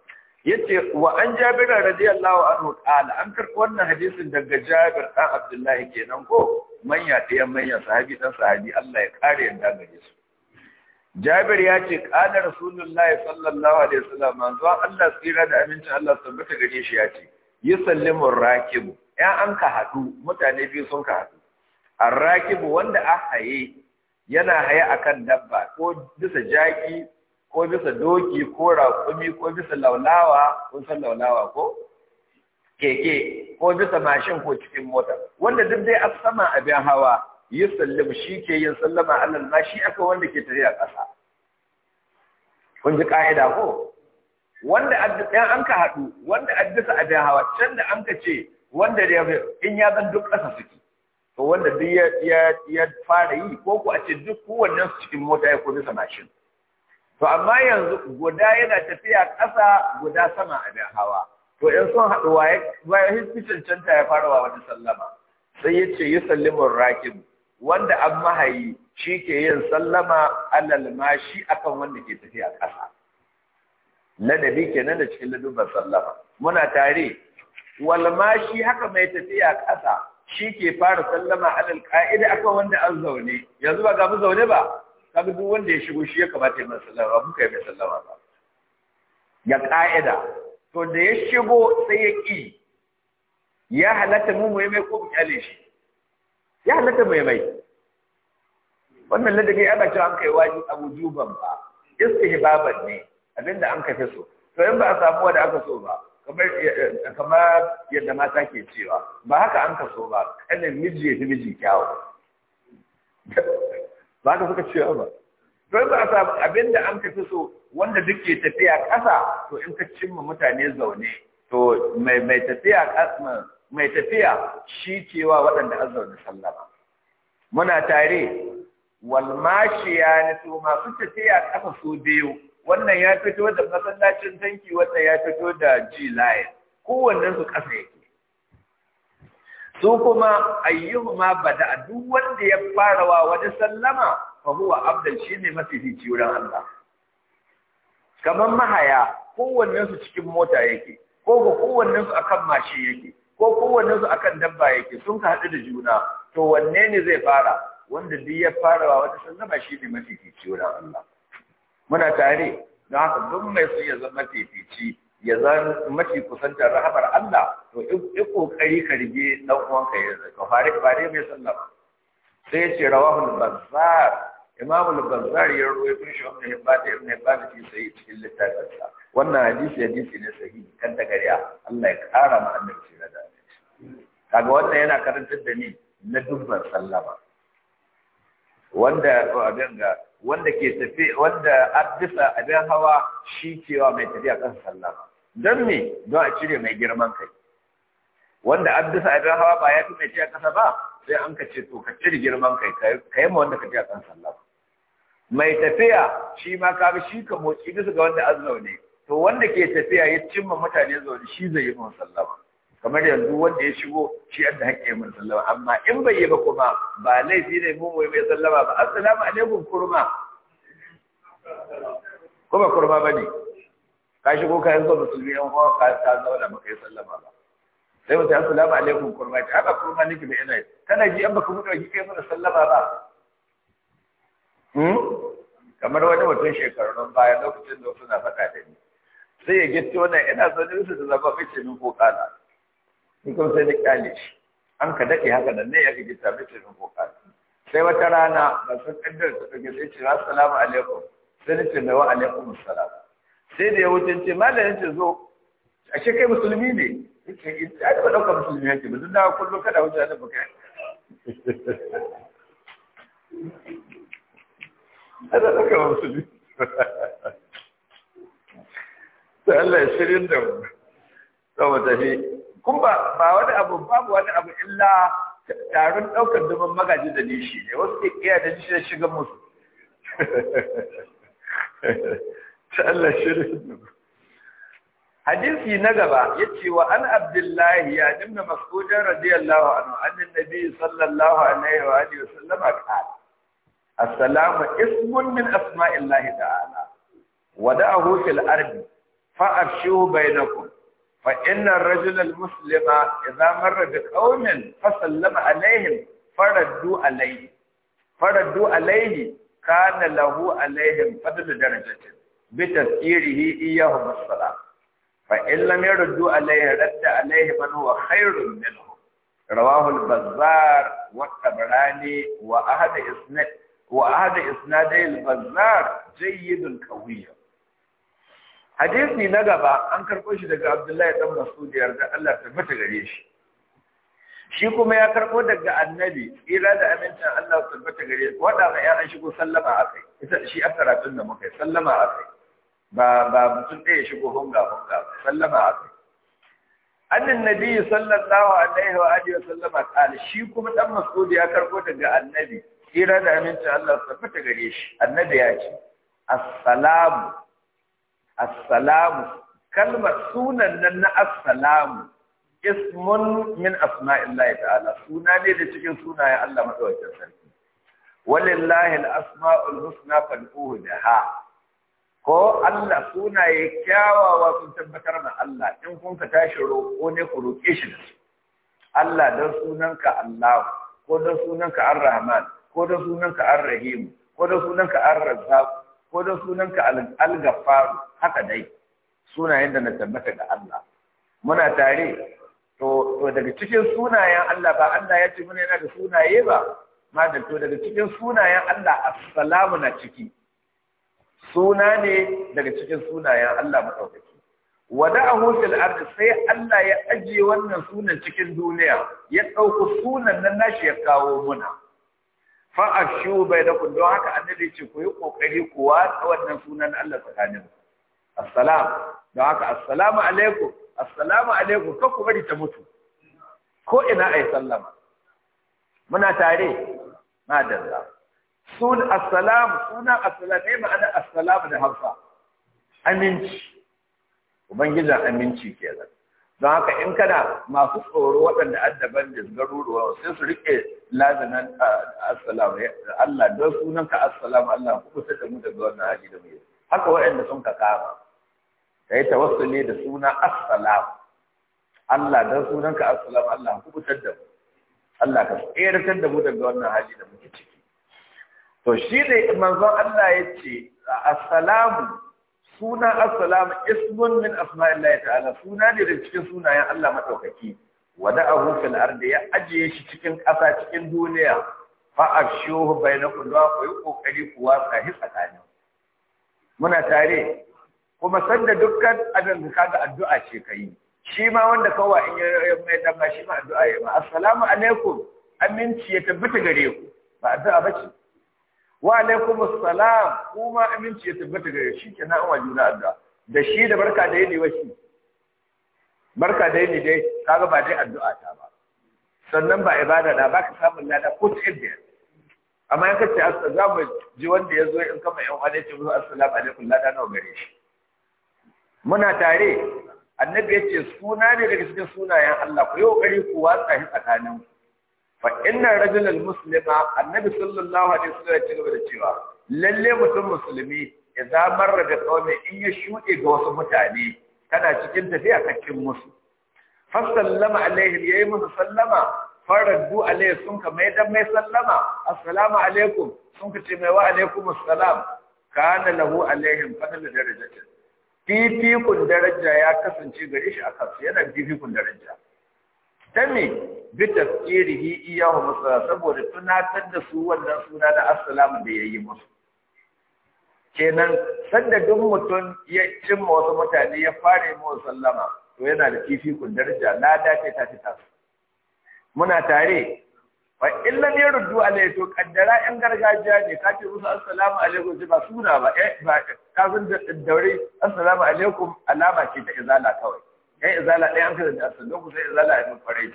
yace wa an jabira radiyallahu anhu qala an karɓi wannan hadisin daga jabir ɗan abdullahi kenan ko manya yan manya sahabi ɗan sahabi Allah ya ƙara yadda ga su Jabir ya ce qala rasulullahi sallallahu alaihi wasallam manzo Allah tsira da amincin Allah tabbata gare shi ya ce yusallimu rakibu ya an ka haɗu mutane biyu sun ka haɗu arrakibu wanda a haye yana haya akan dabba ko bisa jaki ko bisa doki ko raƙumi ko bisa laulawa kun san laulawa ko keke ko bisa mashin ko cikin mota wanda duk dai a sama abin hawa yi sallama shi ke yin sallama alal ma shi aka wanda ke tare a ƙasa kun ji ƙa'ida ko wanda ɗan an ka haɗu wanda addisa abin hawa can da an ka ce wanda da in ya zan duk ƙasa suke to wanda duk ya ya fara yi ko ku a ce duk kowannen su cikin mota ya ko bisa mashin to amma yanzu guda yana tafiya ƙasa guda sama a bin hawa to in sun haɗu waye waye canta ya fara wa wani sallama sai ya ce yi sallimin rakin wanda an mahayi shi ke yin sallama alal mashi akan wanda ke tafiya ƙasa ladabi kenan da cikin ladubar sallama muna tare wal mashi haka mai tafiya ƙasa shi ke fara sallama alal ka'ida akwai wanda an zaune yanzu ba ga mu zaune ba kaga duk wanda ya shigo shi ya kamata ya mai sallama ba muka yi mai sallama ba ya ka'ida to da ya shigo sai ya ki ya halatta mu mu mai ko mu kyale shi ya halatta mu mai wannan ladabi ana cewa an kai waji abu juban ba istihbaban ne abinda an kafe so to in ba a samu wanda aka so ba kamar yadda mata ke cewa ba haka an kaso ba kanin miji ya fi miji kyawu ba haka suka cewa ba don ba a samu abinda an kafi so wanda duk ke tafiya ƙasa to in ka cimma mutane zaune to mai tafiya mai tafiya shi cewa waɗanda an zaune sallama muna tare walmashiya ne to masu tafiya ƙasa su biyu wannan ya fito da masallacin tanki wannan ya fito da G-line kowannen su ƙasa yake su kuma ayyuhuma bada duk wanda ya fara wa wani sallama fa huwa abdal shine mafifici wurin Allah kamar mahaya kowannen su cikin mota yake ko ko kowannen su akan mashi yake ko kowannen su akan dabba yake sun ka haɗu da juna to wanne ne zai fara wanda duk ya fara wa wata sallama shine mafifici wurin Allah muna tare don haka duk mai so ya zama fifici ya zama mafi kusantar rahamar Allah to in kokari ka rige dan uwanka ya zaka fare fare mai sallah sai ce rawahul bazzar imam al-bazzar ya rawaito shi wannan hibbat ibn hibban shi sai cikin littafin sa wannan hadisi hadisi ne sahihi kan da gariya Allah ya kara mu annabi da annabi kaga wannan yana karantar da ni na dubban sallama wanda abin ga wanda ke tafi wanda bisa abin hawa shi cewa mai tafiya kan sallah don me don a cire mai girman kai wanda bisa abin hawa ba ya fi mai tafiya kasa ba sai an ka ce to ka cire girman kai ka yi ma wanda ka tafiya kan sallah mai tafiya shi ma ka bi shi ka motsi bisa ga wanda ne, to wanda ke tafiya ya cimma mutane zaune shi zai yi mun sallah kamar yanzu wanda ya shigo shi yadda hakke mun sallama amma in bai yi ba kuma ba laifi ne mu mu mai sallama ba assalamu alaikum kurma kuma kurma bane ka shigo ka yanzu musulmi yan uwa ka ta zauna ba kai sallama ba sai mutum assalamu alaikum kurma ta haka kurma nake bai ina kana ji an baka mutu ki kai mana sallama ba hmm? kamar wani mutum shekarun baya lokacin da wasu faɗa da ni sai ya gitti wannan ina zaune su da zaba mace min ko kana ni kuma sai da kyale shi an ka daɗe haka nan ne ya ga gita mai cikin kokari sai wata rana ba su kaddar su ɗauke sai ce assalamu alaikum sai na ce wa alaikum assalam sai da ya wuce ce malamin ce zo ashe kai musulmi ne yake ya taɓa eh, ɗaukar musulmi yake ba duk da kullum kada wuce da baka ka ɗaukar musulmi sai Allah ya shirin da mu saboda mu tafi kun ba ba wani abu babu wani abu illa taron ɗaukar duban magaji da nishi ne wasu ke iya da nishi da shigan musu ta Allah shirin hadisi na gaba ya ce wa an abdullahi ya dimna masudin radiyallahu anhu annin nabi sallallahu alaihi wa alihi wasallam qala assalamu ismun min asma'illahi ta'ala wada'ahu fil ardi fa'arshuhu bainakum fa inna ar-rajula al-muslima idza marra bi qaumin fa sallama alaihim faraddu alaihi faraddu alaihi kana lahu alaihim fadlu darajatin bi tazkirihi iyyahum as-salam fa in lam minhu رواه البزار والطبراني وأحد إسناد وأحد إسنادي البزار جيد قوي hadisi na gaba an karɓo shi daga abdullahi ɗan masudi yarda Allah tabbata gare shi shi kuma ya karɓo daga annabi ira da aminta Allah tabbata gare shi waɗa ga ya an shigo sallama a kai ita shi a karatun da muka yi sallama a kai ba ba mutum ɗaya shigo hunga hunga sallama a kai annin nabi sallallahu alaihi wa alihi wa sallama qala shi kuma dan masudi ya karɓo daga annabi ira da aminta Allah tabbata gare shi annabi ya ce assalamu assalamu kalmar sunan nan na assalamu ismun min asma'illahi ta'ala suna ne da cikin sunayen Allah madawacin sarki walillahi al-asma'ul husna fad'uhu biha ko Allah sunaye kyawawa sun tabbatar da Allah in kun ka tashi roƙo ne ku roƙe shi Allah dan sunanka Allah ko dan sunanka Ar-Rahman ko dan sunanka Ar-Rahim ko dan sunanka Ar-Razzaq ko dan sunanka Al-Ghaffar haka dai sunayen da na tabbata ga Allah muna tare to daga cikin sunayen Allah ba Allah ya ce muna yana da sunaye ba ma da to daga cikin sunayen Allah assalamu na ciki suna ne daga cikin sunayen Allah madaukaki wada'ahu fil ardi sai Allah ya ajiye wannan sunan cikin duniya ya dauko sunan nan nashi ya kawo muna fa ashu kun don haka annabi ce ku yi kokari kuwa wannan sunan Allah tsakanin ku assalam don haka assalamu alaikum assalamu alaikum kan ku bari ta mutu ko ina ai sallama muna tare na danza sun assalamu suna assalamu ne ma'ana assalamu da hausa aminci ubangijin aminci kenan don haka in kana masu tsoro waɗanda addaban da garuruwa sai su rike lazanan assalamu Allah don sunanka assalamu Allah ku kusa da mu daga wannan hali da mu haka waɗanda sun ka kama ka yi tawassuli da suna assalam Allah dan sunanka assalam Allah ku kubutar da mu Allah ka tseratar da mu daga wannan hali da muke ciki to shi ne manzon Allah ya ce assalamu suna 'Assalam', ismun min asma'illahi ta'ala suna ne da cikin sunayen Allah madaukaki abu fil ardi ya ajiye shi cikin ƙasa cikin duniya fa afshuhu bainakum wa ku yi kuwa sahi tsakanin muna tare kuma sanda dukkan abin da kaga addu'a ce kai shi ma wanda kawa in ya mai dama shi ma addu'a ya ma assalamu alaikum aminci ya tabbata gare ku ba addu'a bace wa alaikum assalam kuma aminci ya tabbata gare shi kenan an wajuna addu'a da shi da barka da yini washi barka da yini dai kaga ba dai addu'a ta ba sannan ba ibada da baka samun lada ko ta yadda amma in kace za mu ji wanda ya zo in kama yan uwa ne ce musu assalamu alaikum lada nawa gare shi muna tare annabi ya ce suna ne daga cikin sunayen Allah ku yi kokari ku watsa shi tsakanin fa inna rajulal muslima annabi sallallahu alaihi wasallam ya ce gaba da cewa lalle mutum musulmi idza marra da qawmi in ya shuɗe ga wasu mutane kana cikin tafiya kakkin musu fa sallama alaihi yi musu sallama faraddu alaihi sun ka mai dan mai sallama assalamu alaikum sun ka ce mai wa alaikum assalam kana lahu alaihim fadl darajatin fifikun daraja ya kasance gare shi a kansu yana fifikun daraja ta me bi tafsirihi iyahu musa saboda tunatar da su wannan suna da assalamu da ya yi musu kenan sanda duk mutum ya cimma wasu mutane ya fara mu sallama to yana da fifikun daraja Na dace ta ta. muna tare wa illa ne ruddu alai to kaddara yan gargajiya ne ka ce musu assalamu alaikum ba suna ba eh ba ka san da daure assalamu alaikum alama ce ta izala kawai kai izala ɗaya an kada da assalamu ku sai izala ya mun fare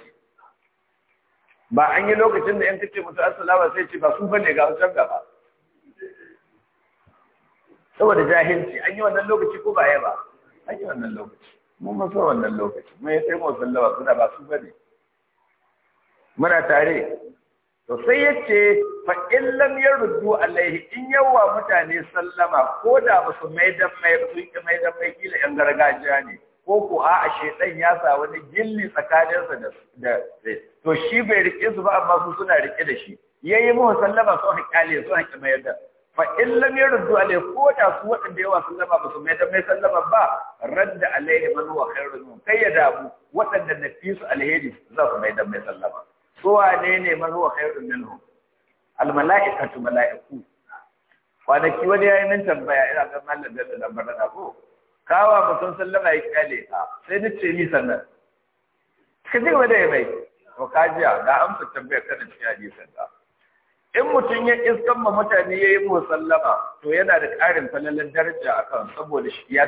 ba an yi lokacin da yan kace musu assalamu sai ce ba su ba ne ga wancan gaba saboda jahilci an yi wannan lokaci ko ba ya ba an yi wannan lokaci mun masa wannan lokaci mun yi sai mu sallama suna ba su ba ne. muna tare to sai ya ce fa in lam yaruddu alaihi in yawa mutane sallama ko da ba su mai dan mai sun mai mai kila yan gargajiya ne ko ko a a shedan ya sa wani gilli tsakaninsa da da to shi bai rike su ba amma su suna rike da shi yayi mu sallama su hakale su hakki mai da fa in lam yaruddu alaihi ko da su waɗanda yawa sallama ba su mai mai sallama ba radda alaihi man huwa khairun kai ya damu waɗanda nafisu alheri za su mai mai sallama su wane ne man huwa khairun minhum al mala'ikatu mala'iku kwanaki wani yayin nan tambaya ina ga mallan da da barna ko kawa mutum sallama ya kale ta sai ni ce ni sannan ka ji gaba dai bai. mai to kajiya ga amsa tambaya kada cikin hadisin sanda in mutum ya iskan ma mutane ya yi sallama to yana da ƙarin falalan daraja akan saboda ya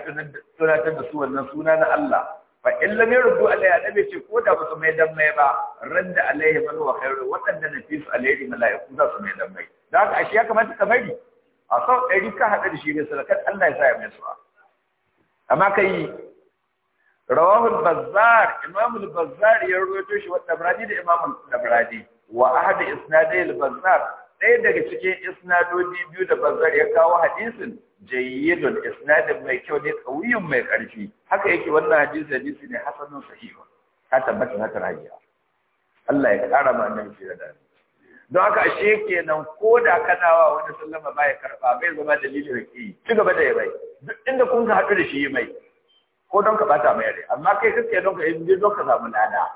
tunatar da su wannan suna na Allah fa in lam yurdu alai annabi ce ko da basu mai dan mai ba radda alaihi man wa khairu wadanda nafisu alaihi malaiku da su mai dan mai da haka ashi ya kamata ka bari a sau ɗari ka haɗa da shi ne sadakar Allah ya sa ya mai su'a amma kai yi. bazzar Imamul Bazar, bazzar ya rawaito shi wa tabrani da imamul al wa ahad isnadai bazzar ɗaya daga cikin isnadodi biyu da bazar ya kawo hadisin jayyidun isnadin mai kyau ne tsawiyin mai ƙarfi haka yake wannan hadisi hadisi ne hasanun sahiha ta tabbata na tarajiya Allah ya ƙara ma annabi shi da don haka ashe kenan ko da kana wa wani sallama bai karba bai zama dalilin raki ci gaba da yayi duk inda kun ka haɗu da shi ya mai ko don ka bata mai rai amma kai kake don ka yi don ka samu lada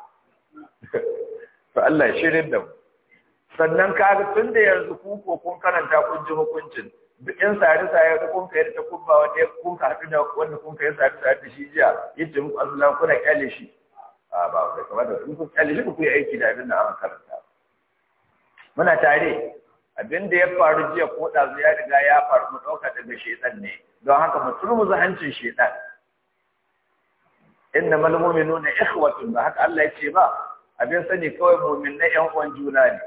to Allah ya shirin da mu sannan kaga tun da yanzu ku ko kun karanta kun ji hukuncin duk yan sare sare da kun kai ta kubba wanda kun ka haɗu da wanda kun kai sare sare da shi jiya yace muku azlan kuna kyale shi a ba ku kama da kun kyale shi ku yi aiki da abin da aka karanta muna tare abin da ya faru jiya ko da ya riga ya faru mu dauka daga shedan ne don haka mu turmuza hancin shedan inna mal mu'minuna ikhwatun ba haka Allah ya ce ba abin sani kawai mu'min na yan uwan juna ne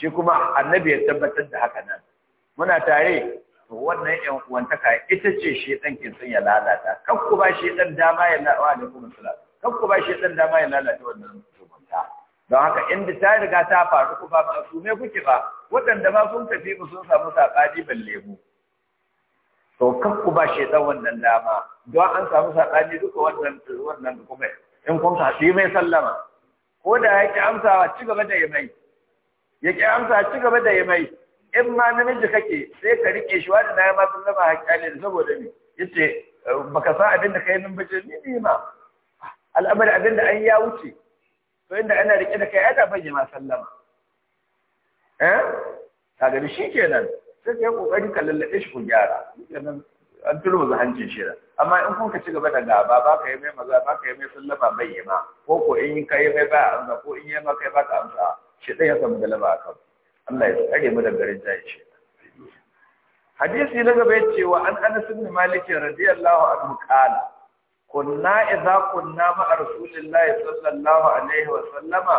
shi kuma annabi ya tabbatar da haka nan muna tare to wannan yan uwantaka ita ce shedan kin sun ya lalata kan ku ba shedan dama ya lalata da kuma sala kan ku ba shedan dama ya lalata wannan zumunta don haka inda ta riga ta faru ku ba ba su ne kuke ba waɗanda ma sun tafi ku sun samu sakadi balle mu to kan ku ba shedan wannan dama don an samu sakadi duka wannan wannan kuma in kun ka mai sallama ko da yake amsawa ci gaba da yi mai ya ki amsa ci gaba da yi mai in ma namiji kake sai ka rike shi wani na sun zama sallama da saboda ni ba baka san abin da kai nan bace ni ne ma al'amari abin da an ya wuce to inda ana rike da kai ya ta bayyana sallama eh gani shi kenan sai ka kokari ka lallabe shi ku gyara kenan an turu ba hancin shi amma in kun ka ci gaba da gaba ba ka yi mai maza ba ka yi mai sallama bayyana yi ma ko ko in ka yi mai ba amsa ko in yi ma kai ba ka amsa shi ɗaya ya samu galaba a kan Allah ya tsare mu daga rinjaye ce. hadisi na gaba yace wa an anas ibn malik radiyallahu anhu qala kunna idza kunna ma'a rasulillahi sallallahu alaihi wa sallama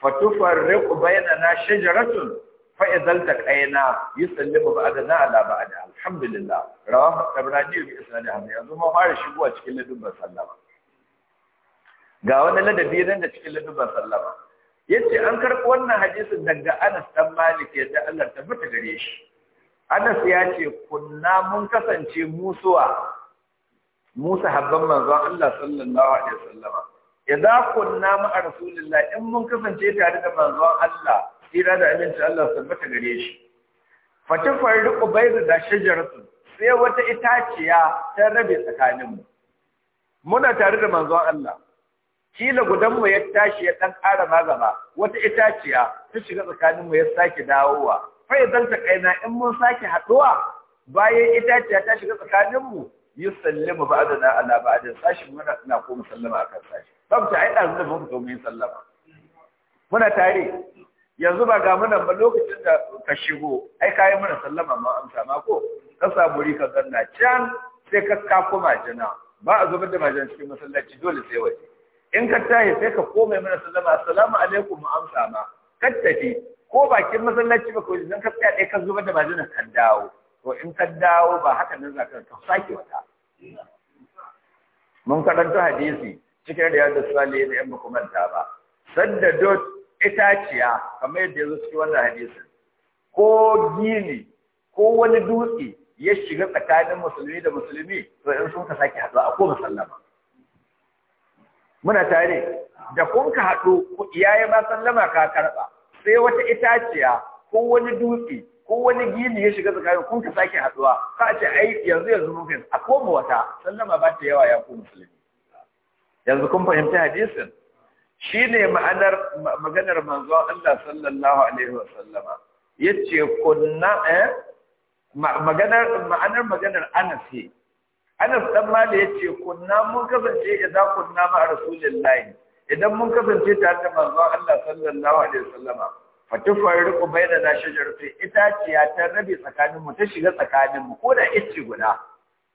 fatufarriqu bainana shajaratun fa idzal taqayna yusallimu ba'dana ala ba'da alhamdulillah rawahu tabrani bi isnad ahmad yanzu mun fara shigowa cikin ladubban sallama ga wani ladabi nan da cikin ladubban sallama yace an karɓi wannan hadisin daga Anas dan Malik yadda Allah ta fita gare shi Anas ya ce kunna mun kasance musuwa Musa habban manzon Allah sallallahu alaihi wasallama idan kunna ma rasulullahi in mun kasance tare da manzon Allah tsira da aminci Allah tabbata gare shi fatin faru ubayd da shajaratu sai wata itaciya ta rabe tsakaninmu muna tare da manzon Allah kila gudan mu ya tashi ya dan ƙara magaba wata itaciya ta shiga tsakanin mu ya sake dawowa fa idan ta kaina in mun sake haduwa bayan itaciya ta shiga tsakanin mu yusallimu ba'dana ala ba'din sashi muna na ko musallama akan sashi saboda ai da zuwa mu domin sallama muna tare yanzu ba ga muna ba lokacin da ka shigo ai kai muna sallama ma amsa ma ko ka samu zanna can sai ka ka ba a zubar da majina cikin masallaci dole sai waje in ka tashi sai ka koma mana sallama assalamu alaikum mu amsa ma kar tafi ko bakin masallaci ba ko idan ka tsaya dai ka zubar da majinan ka dawo to in ka dawo ba haka nan za ka sake wata mun karanta hadisi cikin riyadu salihin da yan manta ba sadda dot itaciya kamar yadda ya wannan hadisin ko gini ko wani dutse ya shiga tsakanin musulmi da musulmi to in sun ka sake haɗuwa a ko musallama muna tare da kun ka haɗu iyaye ma sallama ka karɓa sai wata itaciya ko wani dutse ko wani gini ya shiga tsakanin kun ka sake haɗuwa ka ce ai yanzu yanzu mun kai a koma wata sallama ba ta yawa ya ku musulmi yanzu kun fahimci hadisin ne ma'anar maganar manzo Allah sallallahu alaihi wa sallama yace kunna eh maganar ma'anar maganar Anas Anas dan Malik ce, kunna mun kasance idan kunna ma Rasulullahi idan mun kasance tare da manzon Allah sallallahu alaihi wasallama fatufarriqu bainana shajaratu itaciya ta rabi tsakanin mu ta shiga tsakanin mu ko da ice guda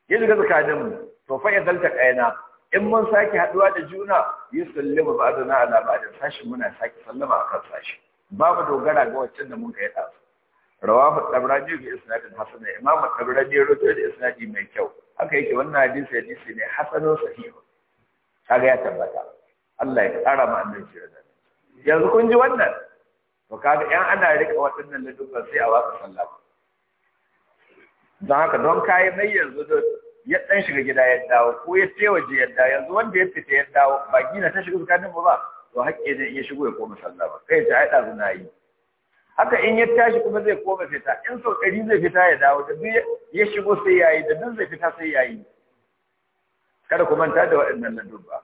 ya shiga tsakanin mu to fa ya zalta kaina in mun sake haduwa da juna yusallimu ba'duna ala ba'din sashi muna sake sallama akan sashi babu dogara ga waccan da mun kai da rawahu tabrani bi isnadin hasan imamu tabrani ya da isnadi mai kyau haka yake wannan hadisi hadisi ne hasanun sahihu kaga ya tabbata Allah ya kara ma annabi shi da yanzu kun ji wannan to kaga yan ana rika waɗannan ladubban sai a waka sallah don haka don kayi mai yanzu da ya dan shiga gida ya dawo ko ya ce waje ya dawo yanzu wanda ya fita ya dawo ba gina ta shiga tsakanin ba to hakke ne ya shigo ya koma sallah ba kai ta aida zuna yi haka in ya tashi kuma zai koma fita in sau ɗari zai fita ya dawo da duk ya shigo sai ya yi da duk zai fita sai ya yi kada ku manta da waɗannan ladubba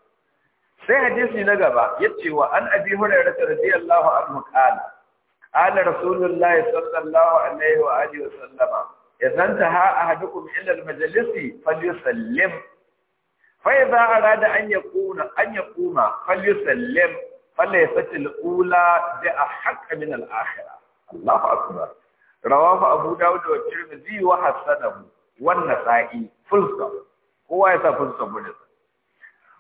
sai hadisi na gaba ya ce wa an abi hurairah radiyallahu anhu qala qala rasulullahi sallallahu alaihi wa alihi wa sallama idan taha ahadukum ila al-majlisi falyusallim fa idza arada an yakuna an yakuma falyusallim falyasati al-ula bi ahqqa min al-akhirah Allahu akbar rawahu Abu Dawud wa Tirmidhi wa hasanahu wan Nasa'i full stop kowa ya sa full stop ne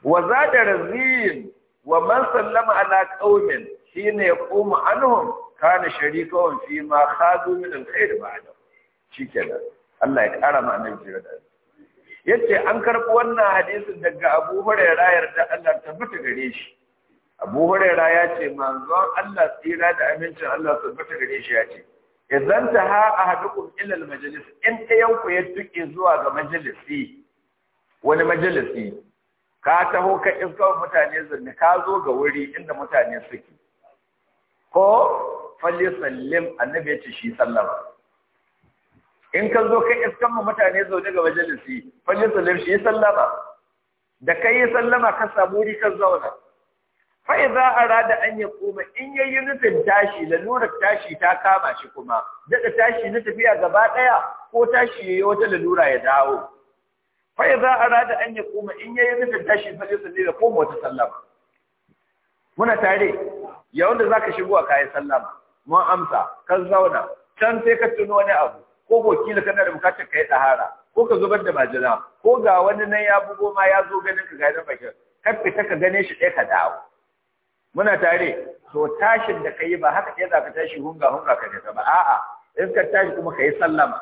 wa zada razin wa man sallama ala qaumin shine yaqumu anhum kana sharikahum fi ma khadu min al-khair ba'da shikenan Allah ya kara ma annabi da yace an karbi wannan hadisin daga Abu Hurairah yarda Allah ta tabbata gare shi abu Hurera ya ce manzon Allah tsira da amincin Allah bata gare shi ya ce idan ta ha ahadukum ilal majalis, in ɗayan ku ya tuke zuwa ga majalisi wani majalisi ka taho ka iska mutane zanne ka zo ga wuri inda mutane suke ko falle sallim annabi ya ce shi sallama in ka zo ka iska mutane zaune ga majalisi falle sallim shi sallama da kai sallama ka samu wuri ka zauna a ra da an kuma in yi nufin tashi lalurar tashi ta kama shi kuma daga tashi na tafiya gaba ɗaya ko tashi ya yi wata lalura ya dawo a ra da an kuma in yi nufin tashi fa su da koma wata sallama muna tare yawon da ka shigo a kayan sallama mun amsa kan zauna can sai ka tuno wani abu ko goki da kana da bukatar yi tsahara ko ka zubar da majina ko ga wani nan ya bugo ma ya zo ganin ka gani bakin ka fita ka gane shi ɗaya ka dawo muna tare to tashin da kai ba haka ɗaya za ka tashi hunga hunga ka tafi ba a'a in ka tashi kuma ka sallama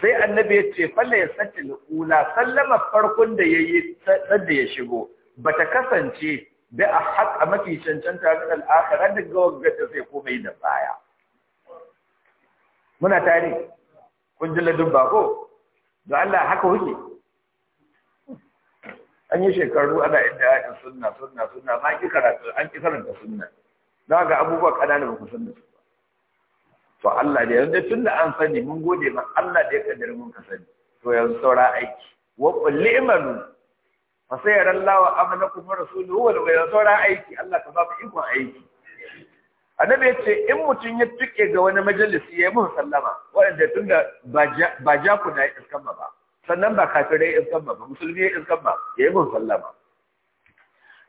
sai annabi ya ce falla ya sace ula sallama farkon da ya yi da ya shigo bata kasance bi a haƙa mafi cancanta min al'akara da ta sai komai da baya muna tare kun ji ladun ba ko da Allah haka huke an yi shekaru ana inda ayin sunna sunna sunna ma ki karatu an ki karanta sunna na ga abubuwa kanana ba ku sunna su ba to Allah da yanzu tun da an sani mun gode ma Allah da ya kaddara mun ka sani to yanzu saura aiki wa qul imanu fa sayaran lawa amanakum rasuluhu wa la saura aiki Allah ka ba mu iko aiki annabi yace in mutum ya tuke ga wani majalisi ya yi mun sallama wanda tunda ba ja ku da iskan ba sannan ba kafirai iskan ba musulmi ya iskan ba ya yi mun sallama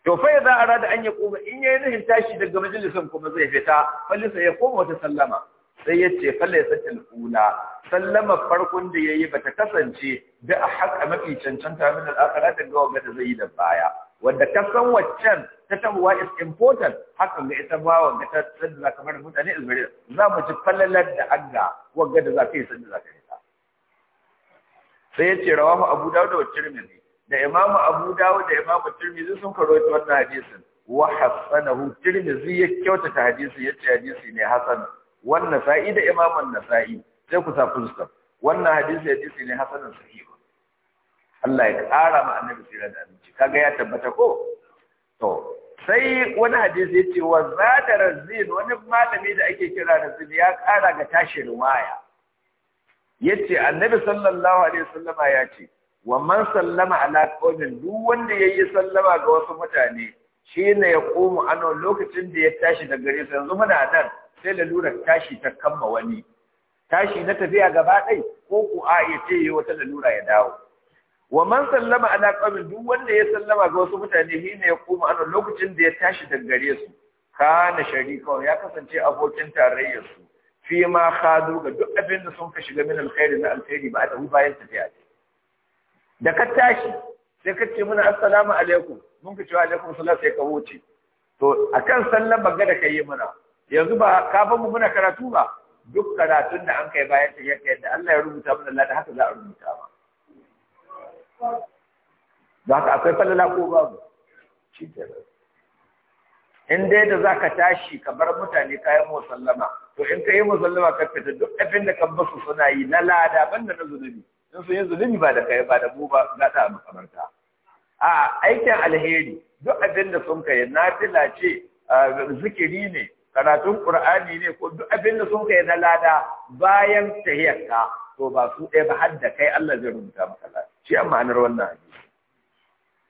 to fa idza arada an koma in yi nihin tashi daga majalisan kuma zai fita falisa ya koma wata sallama sai ya ce falle satil ula sallama farkon da ba bata kasance da a haka mafi cancanta min al da da ga wanda zai yi da baya wanda san waccan ta tabuwa is important hakan ga ita ba wanda ta tsada kamar mutane izmir za mu ci falalar da hanga wanda za ka yi sanda za ka sai yace rawahu abu dawud wa tirmidhi da imam abu dawud da imam tirmidhi sun karwaito wannan hadisin wa hasanahu tirmidhi ya kyautata hadisin yace hadisi ne hasan wannan sa'i da imam an-nasa'i sai ku sa su wannan hadisi hadisi ne hasan sahih Allah ya ƙara ma annabi sirran da aminci kaga ya tabbata ko to sai wani hadisi ya ce wa zada zin wani malami da ake kira zin ya ƙara ga tashi ruwaya yace annabi sallallahu alaihi wasallama ya ce wa man sallama ala qaumin duk wanda yayi sallama ga wasu mutane shine ya komo ano lokacin da ya tashi da gare su yanzu muna nan sai lura tashi ta kamma wani tashi na tafiya gaba dai ko ku a yace yi wata lalura ya dawo wa man sallama ala qaumin duk wanda ya sallama ga wasu mutane shine ya komo ano lokacin da ya tashi da gare su kana sharika ya kasance abokin tarayyar su fi ma khadu ga duk abin da sun ka shiga min alkhairi na alkhairi ba da hu bayan tafiya ce da ka tashi sai ka ce muna assalamu alaikum mun ka cewa alaikum salam sai ka wuce to akan sallan banga da kai muna yanzu ba ka ba mu muna karatu ba duk karatun da an kai bayan tafiya kai da Allah ya rubuta mana Allah da haka za a rubuta ba da haka akwai falala ko mu shi kenan in dai da zaka tashi ka bar mutane kayan musallama sallama to in ka yi musallama ka fita duk abin da kan basu suna yi na lada ban da na zunubi in sun yi zunubi ba da kai ba da mu ba abu kamar ta a aikin alheri duk abin da sun kai fila ce zikiri ne karatun qur'ani ne ko duk abin da sun kai na lada bayan ka to ba su ɗaya ba har da kai Allah zai rubuta maka lada shi an ma'anar wannan hadisi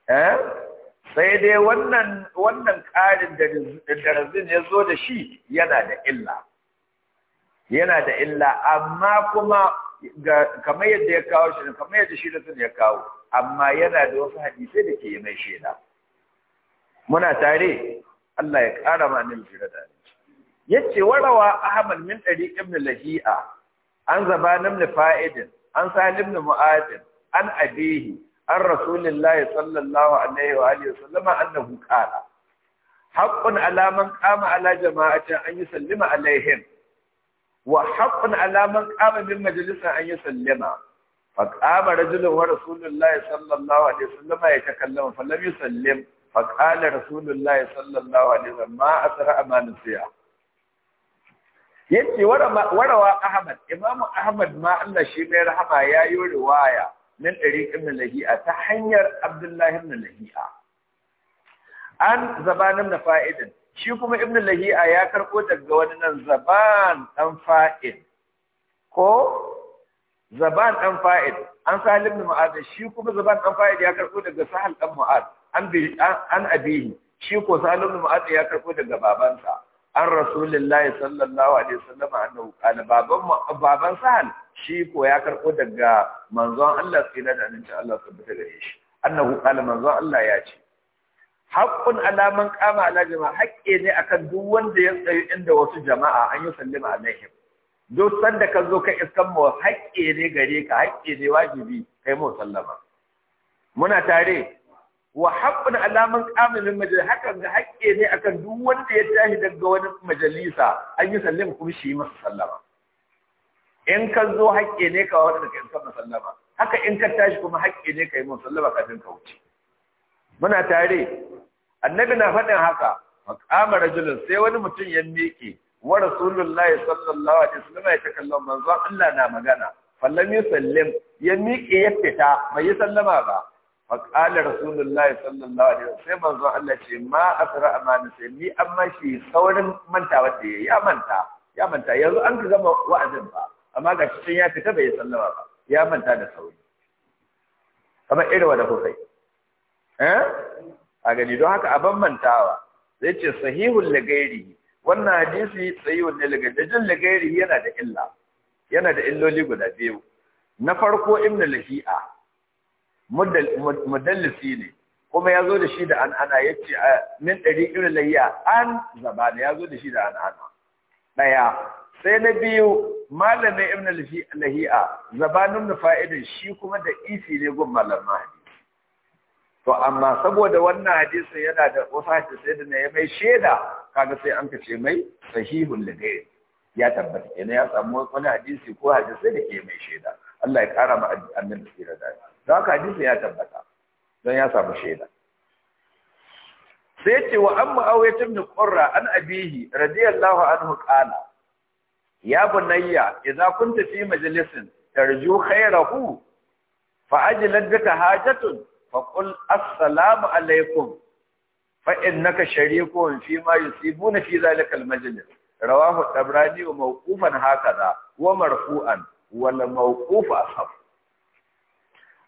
eh? sai dai wannan wannan ƙarin da da ya zo da shi yana da illa yana da illa amma kuma kamar yadda ya kawo shi kamar yadda shi da ya kawo amma yana da wasu hadisai da ke yi mai shaida muna tare Allah ya ƙara ma nan jira da yace warawa ahmad min dari ibn lahi'a an zabanin li fa'idin an salim ibn mu'adin an abihi an rasulullahi sallallahu alaihi wa alihi sallama annahu qala haqqun ala man qama ala jama'atin an yusallima alaihim wa haqqun ala man qama min majlisin an yusallima fa qama rajulun wa rasulullahi sallallahu alaihi wasallam ya takallama fa lam yusallim fa qala rasulullahi sallallahu alaihi wasallam ma asra amana siya yace warawa ahmad imamu ahmad ma Allah shi mai rahama yayi riwaya min dariq ibn lahi'a ta hanyar abdullahi ibn lahi'a an zabanin da fa'idin shi kuma ibn lahi'a ya karko daga wani nan zaban dan fa'id ko zaban dan fa'id an sahal ibn mu'ad shi kuma zaban dan fa'id ya karko daga sahal dan mu'ad an bi an abihi shi ko sahal ibn mu'ad ya karko daga babansa an rasulullahi sallallahu alaihi wasallam annahu qala baban baban sahal shi ko ya karko daga manzon Allah sai da annabi Allah tabbata gare shi annahu qala manzon Allah ya ce haƙƙun alaman ƙama ala jama'a haƙƙe ne akan duk wanda ya tsayi inda wasu jama'a an yi sallima alaihim duk sanda ka zo ka iskan mu haƙƙe ne gare ka haƙƙe ne wajibi kai mu sallama muna tare wa haƙƙun alaman ƙama min majalisa haka ga haƙƙe ne akan duk wanda ya tashi daga wani majalisa an yi sallima kuma shi masa sallama in ka zo haƙƙe ne ka wanda ka iskan mu sallama haka in ka tashi kuma haƙƙe ne ka yi mu sallama kafin ka wuce muna tare annabi na faɗin haka maqama rajulun sai wani mutum ya miƙe wa rasulullahi sallallahu alaihi wasallam ya kallon manzo Allah na magana fallam yusallim ya miƙe ya fita bai yi sallama ba faqala rasulullahi sallallahu alaihi wasallam sai manzo Allah ce ma asra amana sai ni amma shi saurin mantawa da ya manta ya manta yanzu an ka gama wa'azin ba amma ga cikin ya fita bai yi sallama ba ya manta da sauri kamar irin wanda kuka eh a gani don haka a bambantawa zai ce sahihun lagairi wannan hadisi sahihun ne lagairi da jin lagairi yana da illa yana da illoli guda biyu na farko ibn lahi'a mudallisi ne kuma ya zo da shi da an ana. ya ce a min ɗari irin lahiya an zabana ya zo da shi da an ana. ɗaya sai na biyu malamin ibn lahi'a zabanin da fa'idin shi kuma da isi ne gun malam to amma saboda wannan hadisin yana da wasu hadisai da na ya mai shaida kaga sai an kace mai sahihun ligayr ya tabbata ina ya samu wani hadisi ko hadisai da ke mai shaida Allah ya kara ma annabi tsira da don haka hadisi ya tabbata don ya samu shaida sai ce wa amma tun da qurra an abihi radiyallahu anhu qala ya bunayya idza kunta fi majlisin tarju khayrahu fa ajlat bika hajatun faƙul assalamu alaikum fa'in naka sharikun fi ma yusibu na fi zalikal majalis rawahu tabrani wa mawqufan hakaza wa marfu'an wal mawquf ashab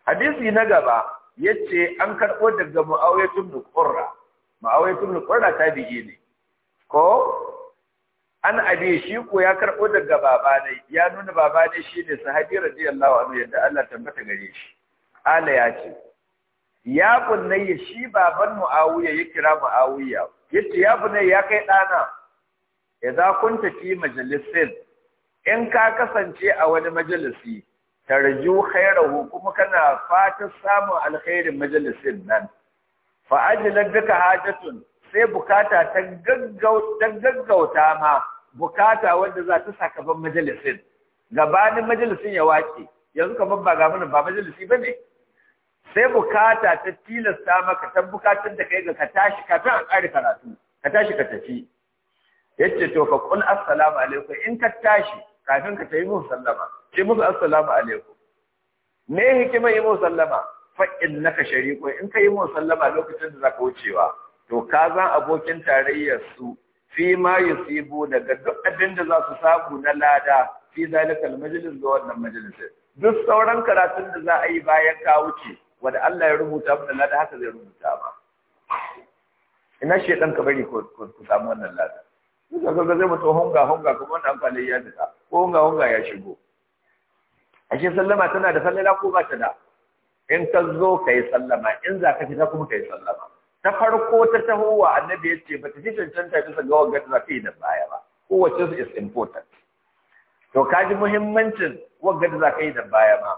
hadisi na gaba yace an karbo daga muawiyatul qurra muawiyatul qurra tabi'i ne ko an abi shi ko ya karɓo daga baba ya nuna baba ne shine sahabi radiyallahu anhu yadda Allah tabbata gare shi ala ce. ya bunayya shi baban muawiya ya kira muawiya yace ya bunayya ya kai dana idza kunta fi majalisin in ka kasance a wani majalisi tarju khairahu kuma kana fatan samun alkhairin majalisin nan fa ajlan hajatun sai bukata ta gaggauta ma bukata wanda za ta sakaban majalisin gabanin majalisin ya wace yanzu kamar ba ga mana ba majalisi bane sai bukata ta tilasta maka ta bukatar da kai ga ka tashi kafin a ƙare karatu ka tashi ka tafi yace to fa qul assalamu alaikum in ka tashi kafin ka tayi musu sallama sai musu assalamu alaikum me hikima yi musu sallama fa innaka shariku in ka yi musu sallama lokacin da zaka wucewa to ka zan abokin tarayyar su fi ma yusibu daga duk abin da za su samu na lada fi zalikal majlis ga wannan majalisin duk sauran karatun da za a yi bayan ka wuce wanda Allah ya rubuta mana da haka zai rubuta ba ina shi dan ka bari ko ku samu wannan lada duka ga zai mutu honga honga kuma wannan amfani ya fita ko honga honga ya shigo ashe sallama tana da sallala ko ba ta da in ka zo ka yi sallama in za ka fita kuma ka yi sallama ta farko ta tahowa annabi ya ce ba ta fi cancanta bisa ga wanga ta fi da baya ba kowace su is important to ka ji muhimmancin wanga da za ka yi da baya ma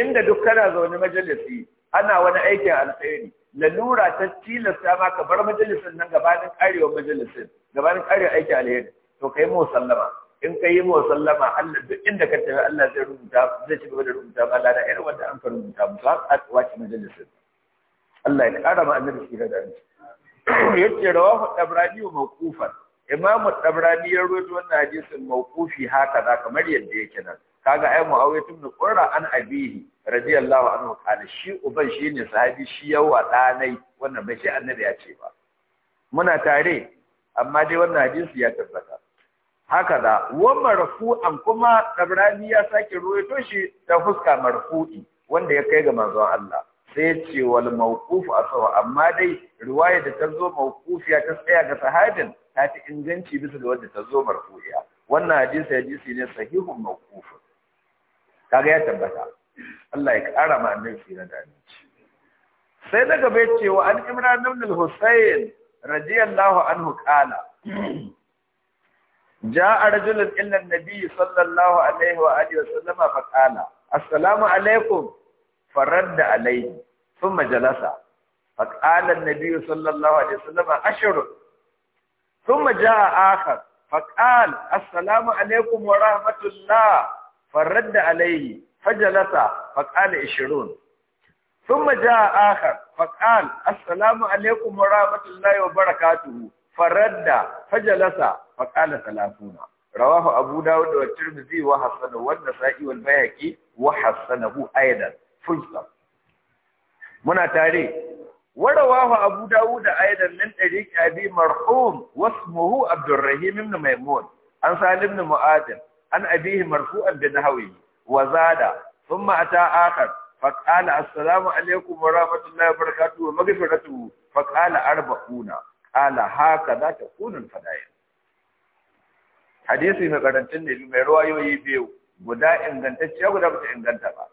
inda duk kana zaune majalisi ana wani aikin alkhairi lalura ta tilasta ma ka bar majalisin nan gabanin karewa majalisin gabanin karewa aikin alheri to kai mu sallama in kai mu sallama Allah duk inda ka tafi Allah zai rubuta zai ci gaba da rubuta ba Allah irin wanda an faru rubuta mu har a wace majalisin Allah ya kara ma annabi shi da yace rawahu tabrani mawqufan imamu dabrani ya rawaito wannan hadisin mawqufi haka da kamar yadda yake nan kaga ai muawiya ibn qurra an abihi radiyallahu anhu kana shi uban shine sahabi shi yawa danai wannan bai shi annabi ya ce ba muna tare amma dai wannan hadisi ya tabbata haka da wa marfu'an kuma tabrani ya sake ruwaito shi ta fuska marfu'i wanda ya kai ga manzon Allah sai ya ce wal mawquf asawa amma dai riwaya da ta zo ya ta tsaya ga sahabin ta ta inganci bisa ga wanda ta zo marfu'iya wannan hadisi hadisi ne sahihun mawqufun kaga ya tabbata Allah ya kara ma annabi tsira da aminci sai daga bai cewa an imran ibn al-husayn radiyallahu anhu qala ja'a rajul ila an-nabi sallallahu alaihi wa alihi wa sallam fa qala assalamu alaikum faradda alayhi thumma jalasa fa qala an-nabi sallallahu alaihi wa sallam ashur thumma ja'a akhar fa qala assalamu alaikum wa rahmatullah فرد عليه فجلس فقال عشرون ثم جاء آخر فقال السلام عليكم ورحمة الله وبركاته فرد فجلس فقال ثلاثون رواه أبو داود والترمذي وحسنه والنسائي والبيهقي وحسنه أيضا فلسطة منا تاريخ ورواه أبو داود أيضا من طريق أبي مرحوم واسمه عبد الرحيم بن ميمون عن سالم بن معاذ an abihi marfu'an bi nahwi wa zada thumma ata akhar fa qala assalamu alaikum wa rahmatullahi wa barakatuh wa maghfiratuhu fa qala arba'una qala haka za ta kunun fadayin hadisi mai karantun ne mai ruwayoyi biyu guda ingantacciya guda ba ta inganta ba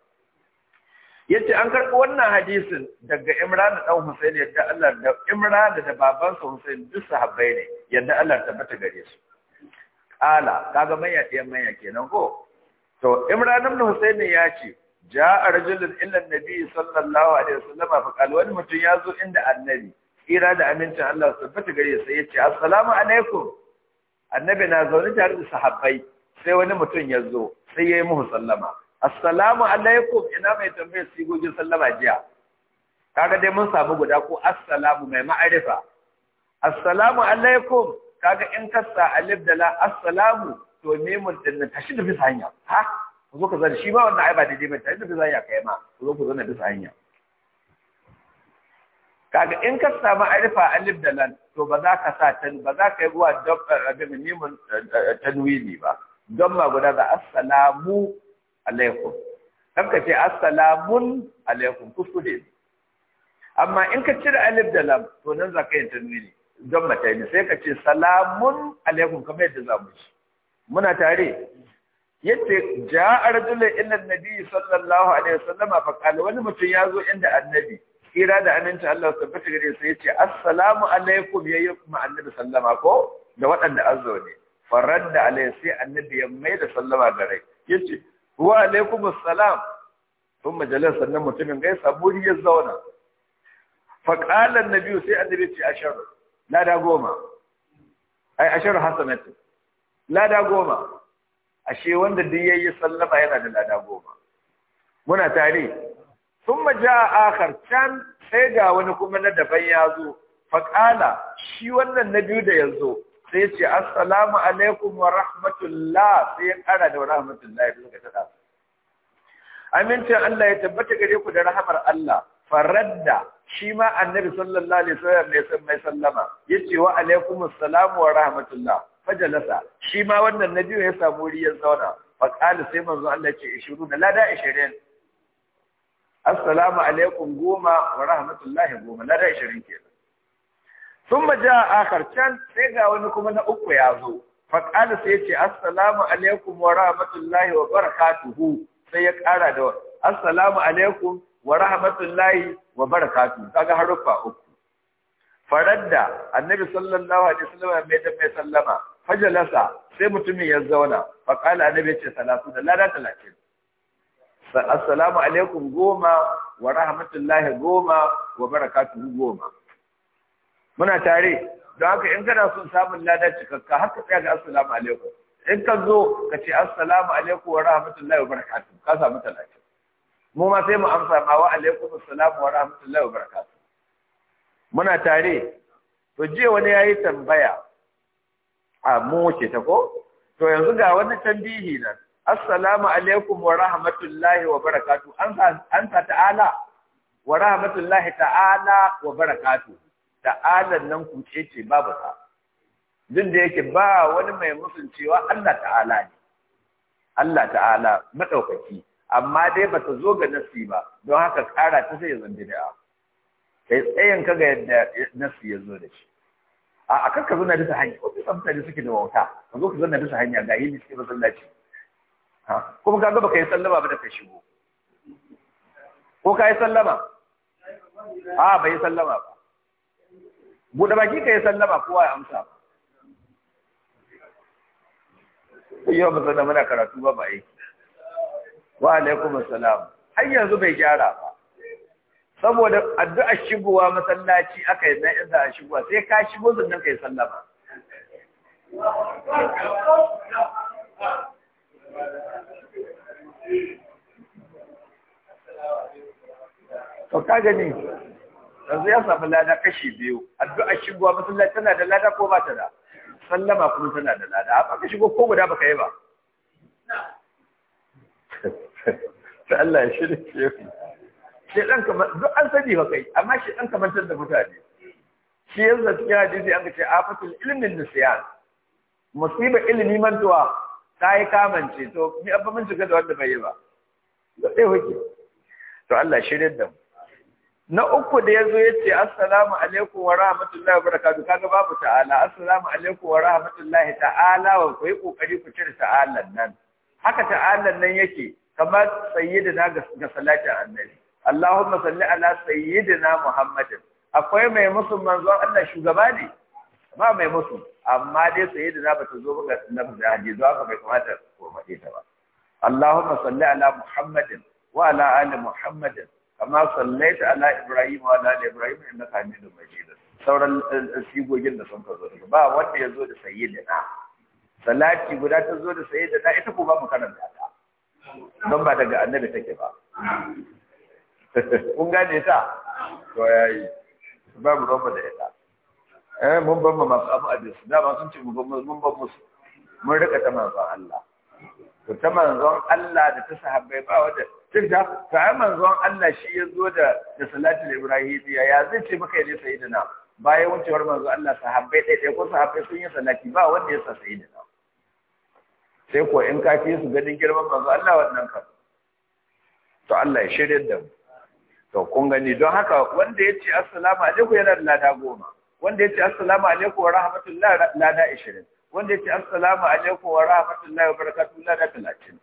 yace an karɓi wannan hadisin daga Imran da ɗan Hussein yadda Allah da Imran da babansa Hussein duk sahabbai ne yadda Allah tabbata gare su ala kaga manya ɗiyan manya kenan ko to imran ibn husaini ya ce ja'a rajulun ila nabi sallallahu alaihi wasallam fa qala wani mutum ya zo inda annabi kira da amincin Allah su fita gare ya ce assalamu alaikum annabi na zaune tare da sahabbai sai wani mutum ya zo sai yayi muhu sallama assalamu alaikum ina mai tambayar sigogin sallama jiya kaga dai mun samu guda ko assalamu mai ma'arifa assalamu alaikum kaga in ka sa alif da la assalamu to memun din tashi da bisa hanya ha ku zo ka zana shi ba wannan ai ba daidai ba tashi da bisa hanya kai ma ku zo ku zana bisa hanya kaga in ka samu alifa alif da lan to ba za ka sa tan ba za ka yi zuwa ne mun tanwini ba don ma guda da assalamu alaikum kan ka ce assalamun alaikum kuskure amma in ka cire alif da lam to nan za ka yi tanwini don mataini sai ka ce salamun alaikum kamar yadda za mu ci muna tare ja ja'a rajulun ila annabi sallallahu alaihi wasallama fa qala wani mutum ya zo inda annabi kira da aminci Allah su tabbata gare sai ce assalamu alaikum yi kuma annabi sallama ko da waɗanda zo ne da alaihi sai annabi ya mai da sallama ya ce wa alaikum assalam thumma majalar sannan mutumin gaisa buri ya zauna faƙalar na biyu sai annabi ce asharu lada goma ai ashar hasanatu lada goma ashe wanda duk yayi sallama yana da lada goma muna tare thumma jaa akhar can sai ga wani kuma na daban ya zo faqala shi wannan na biyu da yanzu sai ce assalamu alaikum wa rahmatullah sai ya kara da rahmatullah ya ka tada amincin Allah ya tabbata gare ku da rahmar Allah faradda shi ma annabi sallallahu alaihi wasallam ne san mai sallama yace wa alaikum assalam wa rahmatullah fajalasa shi ma wannan nabi ya samu riyan zauna fa qala sai manzo Allah ce 20 lada 20 assalamu alaikum goma wa rahmatullahi goma lada 20 kenan thumma jaa akhar can sai ga wani kuma na uku ya zo fa qala sai yace assalamu alaikum wa rahmatullahi wa barakatuhu sai ya kara da assalamu alaikum wa rahmatullahi wa barakatuh kaga haruffa uku faradda annabi sallallahu alaihi wasallam mai da mai sallama fajalasa sai mutumin ya zauna fa qala annabi ce salatu da lada 30 assalamu alaikum goma wa rahmatullahi goma wa barakatuhu goma muna tare don haka in kana son samun lada cikakka haka tsaya ga assalamu alaikum in ka zo ka ce assalamu alaikum wa rahmatullahi wa barakatuhu ka samu talatin mu ma sai mu amsa ma wa alaikum assalam wa rahmatullahi wa barakatuh muna tare to jiya wani yayi tambaya a mu ce ta ko to yanzu ga wani tambihi nan assalamu alaikum wa rahmatullahi wa barakatuh an an ta ta'ala wa rahmatullahi ta'ala wa barakatuh ta'ala nan ku ce ce babu ta duk da yake ba wani mai musun cewa Allah ta'ala ne Allah ta'ala madaukaki amma dai ba ta zo ga nasi ba don haka ƙara ta sai zan bid'a kai tsayin kaga yadda nasi ya zo da shi a akan ka zauna bisa hanya ko bisa mutane suke da wauta ka zo ka zauna bisa hanya ga yini sai masallaci kuma ka ga ka yi sallama ba da ka shigo ko ka yi sallama a bai sallama ba buɗe baki ka yi sallama kowa ya amsa ba yau ba zauna muna karatu ba ba aiki wa alaikum assalam har yanzu bai gyara ba saboda addu'a shigowa masallaci aka yi na inda a shigowa sai ka shigo sannan kai sallama to ka gani yanzu ya samu lada kashi biyu addu'a shigowa masallaci tana da lada ko ba ta da sallama kuma tana da lada amma ka shigo ko guda baka yi ba ta Allah ya shirya shefi shi dan kamar duk an sani ba kai amma shi dan kamar da mutane shi yanzu cikin hadisi an ce afatul ilmin nisyan musiba ilmi mantuwa ta yi kamance to ni abba mun shiga da wanda bai yi ba da sai hoke to Allah shirya da mu na uku da yazo yace assalamu alaikum wa rahmatullahi wa barakatuh kaga babu ta'ala assalamu alaikum wa rahmatullahi ta'ala wa kai kokari ku cire ta'alan nan haka ta'alan nan yake kamar sayyidina ga salatin annabi Allahumma salli ala sayyidina Muhammadin akwai mai musu manzon Allah shugaba ne ba mai musu amma dai sayyidina bata zo ba ga annabi da hadisi haka bai kamata ko mace ta ba Allahumma salli ala Muhammadin wa ala ali Muhammadin kama sallaita ala Ibrahim wa ala Ibrahim innaka Hamidum Majid sauran eh, sigogin da sun kazo ba wanda ya zo da sayyidina salati guda ta zo da sayyidina ita ko ba mu karanta don ba daga annabi take ba kun gane ta to yayi babu ruwan da ita eh mun ban ma abu a bisu. dama sun ce mun ban musu mun rika ta manzon Allah to ta manzon Allah da ta sahabbai ba wanda tun ta ta manzon Allah shi ya zo da da salatul ibrahimiyya ya zai ce maka ne sayyidina bayan wucewar manzon Allah sahabbai ɗaya ɗaya ko sahabbai sun yi salati ba wanda ya sa sayyidina sai ko in ka fi su ganin girman manzo Allah wannan ka to Allah ya shirye da mu to kun gani don haka wanda ya ce assalamu alaikum yana da lada goma wanda ya ce assalamu alaikum wa rahmatullahi lada ishirin wanda ya ce assalamu alaikum wa rahmatullahi wa barakatuh lada talatin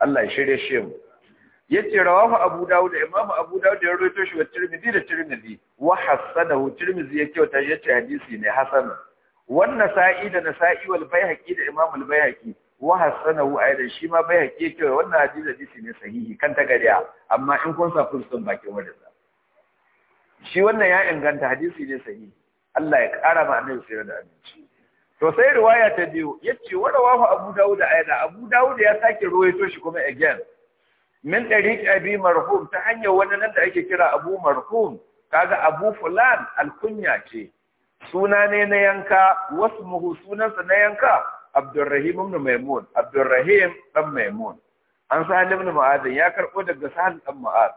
Allah ya shirye shi mu yace rawahu abu dawud imamu abu dawud ya rawaito shi wa tirmidhi da tirmidhi wa hasanahu tirmidhi yake kyauta yace hadisi ne hasan wannan sa'i da nasa'i wal baihaqi da imamu al baihaqi wa hasanahu aidan shi ma bai hake cewa wannan hadisi hadisi ne sahihi kan ta gariya amma in kun sa fulsun bakin wajen sa shi wannan ya inganta hadisi ne sahihi Allah ya kara ma annabi sai da aminci to sai riwaya ta biyu yace wa rawahu Abu Dawud aidan Abu Dawud ya sake ruwaito shi kuma again min dariq abi marhum ta hanyar wani nan da ake kira Abu marhum kaga Abu fulan alkunya ce suna ne na yanka wasmuhu sunansa na yanka Abdurrahim ibn Maimun Abdurrahim dan Maimun an Sa'ad ibn Mu'adh ya karbo daga Sa'ad ɗan Mu'adh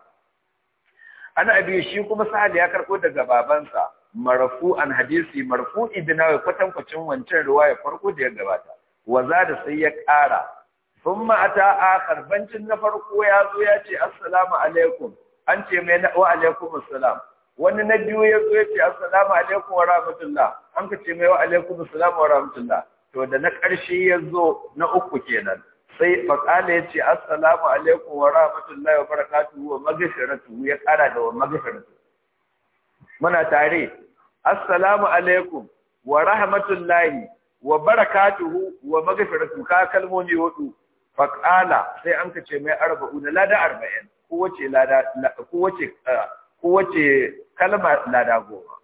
ana abi shi kuma Sa'ad ya karbo daga babansa marfu'an hadisi marfu'i binawi kwatankwacin wancan riwaya farko da ya gabata za da sai ya ƙara thumma ata akhar bancin na farko ya zo ya ce assalamu alaikum an ce mai na wa alaikum assalam wani na biyu ya zo ya ce assalamu alaikum wa rahmatullah an ka ce mai wa alaikum assalam wa rahmatullah to da na ƙarshe ya zo na uku kenan sai faƙala ya ce assalamu alaikum wa rahmatullahi wa barakatu wa magasharatu ya ƙara da wa magasharatu muna tare assalamu alaikum wa rahmatullahi wa barakatuhu wa maghfiratuhu ka kalmomi hudu faƙala sai an kace mai arba'u na lada arba'in kowace lada kalma lada goma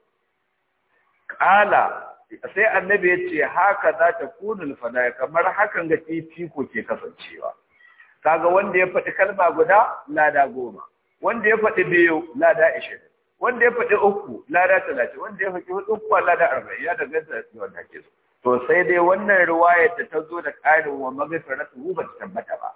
ƙala sai annabi ya ce haka za ta kunu fadaya kamar hakan ga titi ko ke kasancewa kaga wanda ya faɗi kalma guda lada goma wanda ya faɗi biyu lada ishirin wanda ya faɗi uku lada talatin wanda ya faɗi hudu uku lada arba'in ya danganta da wanda ke so to sai dai wannan riwayar da ta zo da ƙarin wa magfiratu ba ta tabbata ba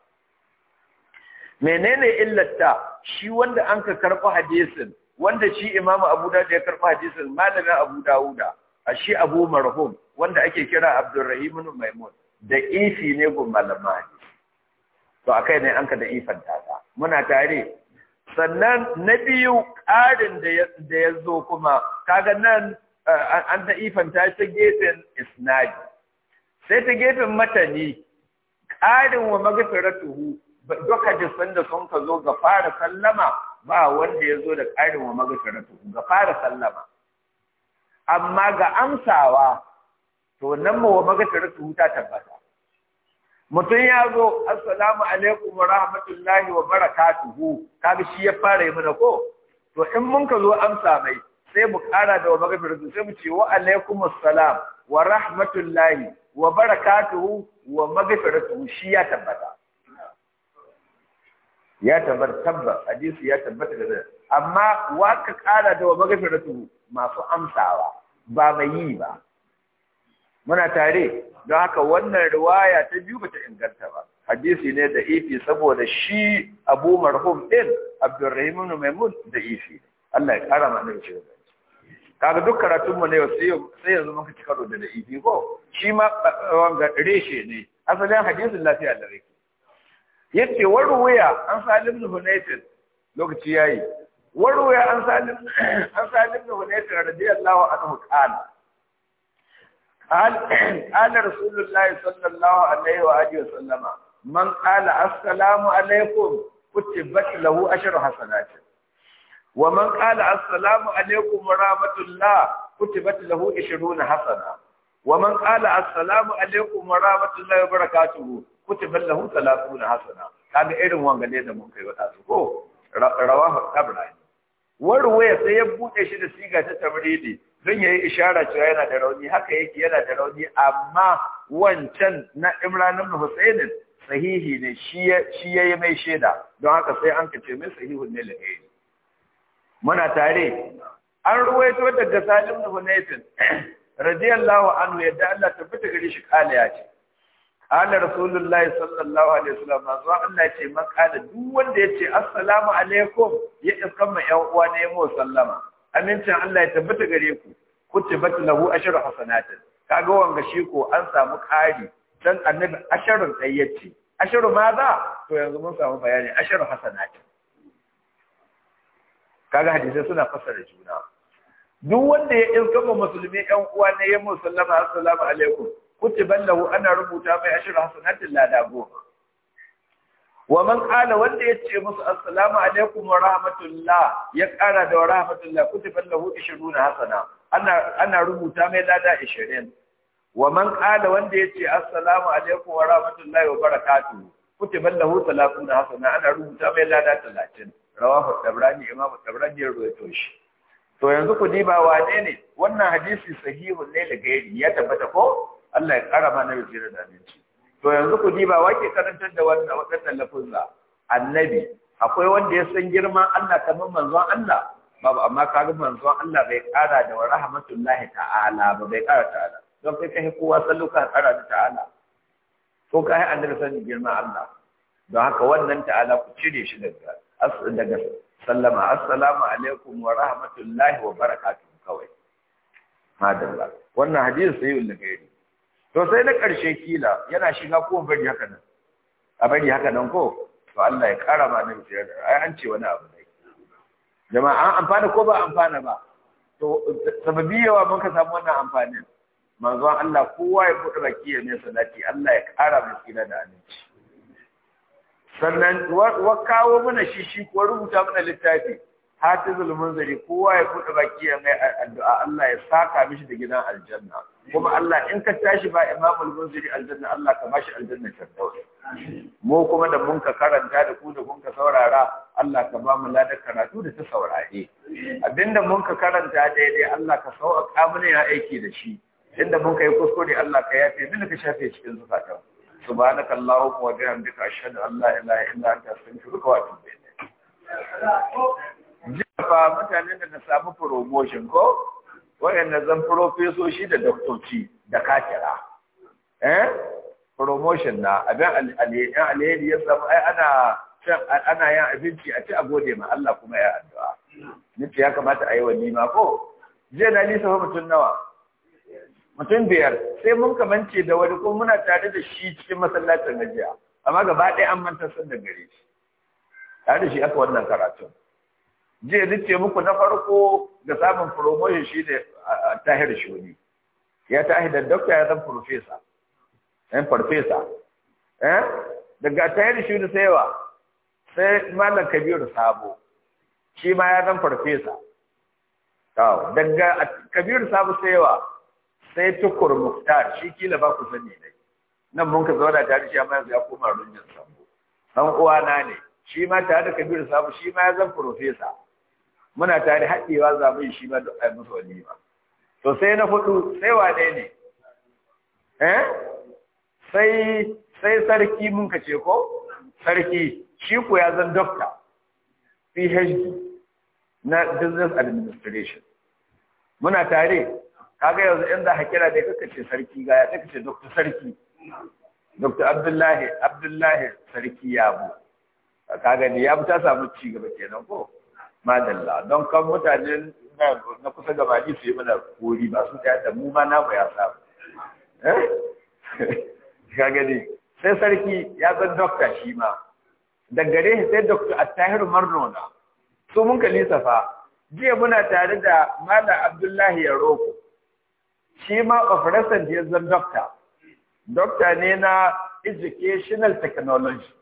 menene illata shi wanda an ka karɓi hadisin wanda shi imamu abu da ya karɓi hadisin malamin abu dawuda a shi abu marhum wanda ake kira abdurrahim ibn maimun da ifi ne gun malama to akai ne an ka da ifan tata muna tare sannan na biyu ƙarin da ya zo kuma kaga nan an ta ifan ta gefen isnadi sai ta gefen matani ƙarin wa magfiratuhu duka jisan da sun ka zo ga fara sallama ba wanda ya zo da ƙarin wa magfiratuhu ga fara sallama amma ga amsawa to nan mu wa tare su huta tabbata mutum ya zo assalamu alaikum wa rahmatullahi wa barakatuhu kaga shi ya fara yi mana ko to in mun ka zo amsa mai sai mu kara da wa tare su sai mu ce wa alaikum assalam wa rahmatullahi wa barakatuhu wa magatar su shi ya tabbata ya tabbata tabba hadisi ya tabbata da amma wa ka kara da wa tare su masu amsawa ba mai yi ba muna tare don haka wannan riwaya ta biyu bata inganta ba hadisi ne da ifi saboda shi abu marhum din abdurrahim ibn maimun da ifi Allah ya karama nan shi kaga duk karatun mu ne sai yanzu muka ci karo da da ifi ko shi ma eh, wanga reshe ne asalin hadisin lafiya da rake yace waruwaya an salim ibn hunayfin lokaci yayi وروي عن سالم عن سالم بن هنيت رضي الله عنه قال قال قال رسول الله صلى الله عليه واله وسلم من قال السلام عليكم كتبت له عشر حسنات ومن قال السلام عليكم ورحمه الله كتبت له 20 حسنه ومن قال السلام عليكم ورحمه الله وبركاته kutiban lahu talatuna hasana kaga irin wanga ne da mun kai wata su ko rawahu tabrani warwaya sai ya buɗe shi da siga ta tamridi don ya yi ishara cewa yana da rauni haka yake yana da rauni amma wancan na imran ibn husainin sahihi ne shi ya yi mai shaida don haka sai an kace mai sahihun ne ɗaya. muna tare an ruwaito daga salim ibn hunayfin radiyallahu anhu yadda Allah tabbata gare shi kala ya ce ala rasulullahi sallallahu alaihi wasallam manzo Allah ce man kana duk wanda yace assalamu alaikum ya iskan ma yan uwa ne mu sallama amincin Allah ya tabbata gare ku kutibat lahu ashru hasanatin kaga wanga shi ko an samu kari dan annabi asharun dayyaci asharu ma za to yanzu mun samu bayani asharu hasanatin kaga hadisi suna fassara juna duk wanda ya iskan ma musulmi yan uwa ne ya mu sallama assalamu alaikum kutiban lahu ana rubuta mai ashir hasanatin lada goma wa man qala wanda yace musu assalamu alaikum wa rahmatullah ya kara da wa rahmatullah kutiban lahu 20 hasana ana ana rubuta mai lada 20 wa man qala wanda yace assalamu alaikum wa rahmatullah wa barakatuh kutiban lahu 30 hasana ana rubuta mai lada 30 rawahu tabrani imamu tabrani ya rubuta shi to yanzu ku diba wane ne wannan hadisi sahihun ne da gairi ya tabbata ko Allah ya ƙara mana yau da aminci to yanzu ku ji ba wake karantar da wannan tallafin lafuzza annabi akwai wanda ya san girman Allah kamar manzon Allah babu amma kaga manzon Allah bai ƙara da wa rahmatullahi ta'ala ba bai ƙara ta'ala don kai kai kowa salluka ƙara da ta'ala ko kai annabi san girman Allah don haka wannan ta'ala ku cire shi daga daga sallama assalamu alaikum wa rahmatullahi wa barakatuh kawai madalla wannan hadisi sai ulul gairi to sai na ƙarshe kila yana shiga ko bari haka nan a bari haka nan ko to Allah ya ƙara ma nan jira ai an ce wani abu ne jama'a an amfana ko ba amfana ba to sababi yawa mun ka samu wannan amfanin manzon Allah kowa ya buɗe baki ya ne salati Allah ya ƙara mu tsira da aminci sannan wa kawo mana shi shi ko rubuta mana littafi hatizul munzari kowa ya buɗe baki ya mai addu'a Allah ya saka mishi da gidan aljanna kuma Allah in ka tashi ba imamul munziri aljanna Allah ka bashi aljanna ta daure mu kuma da mun ka karanta da ku da kun ka saurara Allah ka ba mu ladar karatu da ta saurare abinda mun ka karanta daidai Allah ka sauƙa mana ya aiki da shi inda mun ka yi kuskure Allah ka yafe mana ka shafe cikin zukatan subhanakallahumma wa bihamdika ashhadu an la ilaha illa anta astaghfiruka wa atubu ilayk fa mutane da na samu promotion ko wayanda zan profesoshi da doktoci da kakira eh promotion na abin alheri ya samu ai ana ana yin abinci a ci a gode ma Allah kuma ya addu'a nace ya kamata a yi wa nima ko je na lisa mutum nawa mutum biyar sai mun kamance da wani ko muna tare da shi cikin masallacin gajiya amma gaba ɗaya an manta san da gare shi tare da shi aka wannan karatun jiya nace muku na farko da samun promotion shi ne a tahir shuni ya tahir da doctor ya zan professor ɗan farfesa eh daga tahir shuni sai wa sai malam kabiru sabo shi ma ya zan farfesa daga kabiru sabo sai wa sai tukur muftar shi kila ba ku sani ne nan mun ka zauna tare shi amma yanzu ya koma runjin sabo dan uwana ne shi ma tare da kabiru Sabo, shi ma ya zan professor muna tare haɗewa za mu yi shi ma duk ai musu ba to sai na fudu sai wane ne eh sai sai sarki mun ka ce ko sarki shi ko ya zan doctor PhD na business administration muna tare kaga yanzu in za hakira kira dai kaka ce sarki ga ya kaka ce doctor sarki Dr. Abdullahi Abdullahi sarki yabo kaga ne ya ta samu ci gaba kenan ko madalla don kan mutane na kusa gabani su yi mana kori ba su tsaye da mu ma namu ya samu ga eh? gani sai sarki ya zan dokta shi ma shi sai dokta attahiru marnona su mun kalisa fa jiya muna tare da malam abdullahi ya roko shi ma of recent ya zan dokta dokta ne na educational technology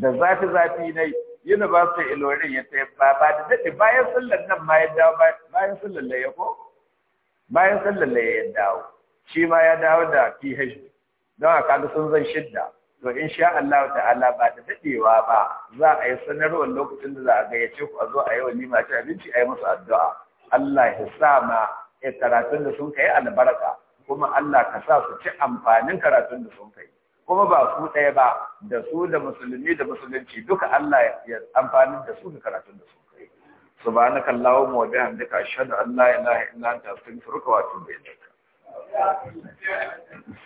da zafi-zafi na yi su ilorin ya ta ba ba da daɗe bayan sallar nan ma ya dawo bayan sallar laye ko bayan sallar laye ya dawo shi ma ya dawo da ph don a kaga sun zan shidda to in sha Allah ta'ala ba da daɗewa ba za a yi sanarwar lokacin da za a gayyace ku a zo a yi nima ta abinci a yi musu addu'a Allah ya sa ma karatun da sun kai albarka kuma Allah ka sa su ci amfanin karatun da sun kai kuma ba su ɗaya ba da su da musulmi da musulunci duka Allah ya amfani da su da karatun da su kai subhanaka allahumma wa bihamdika ashhadu allah la ilaha illa anta astaghfiruka wa atubu ilaik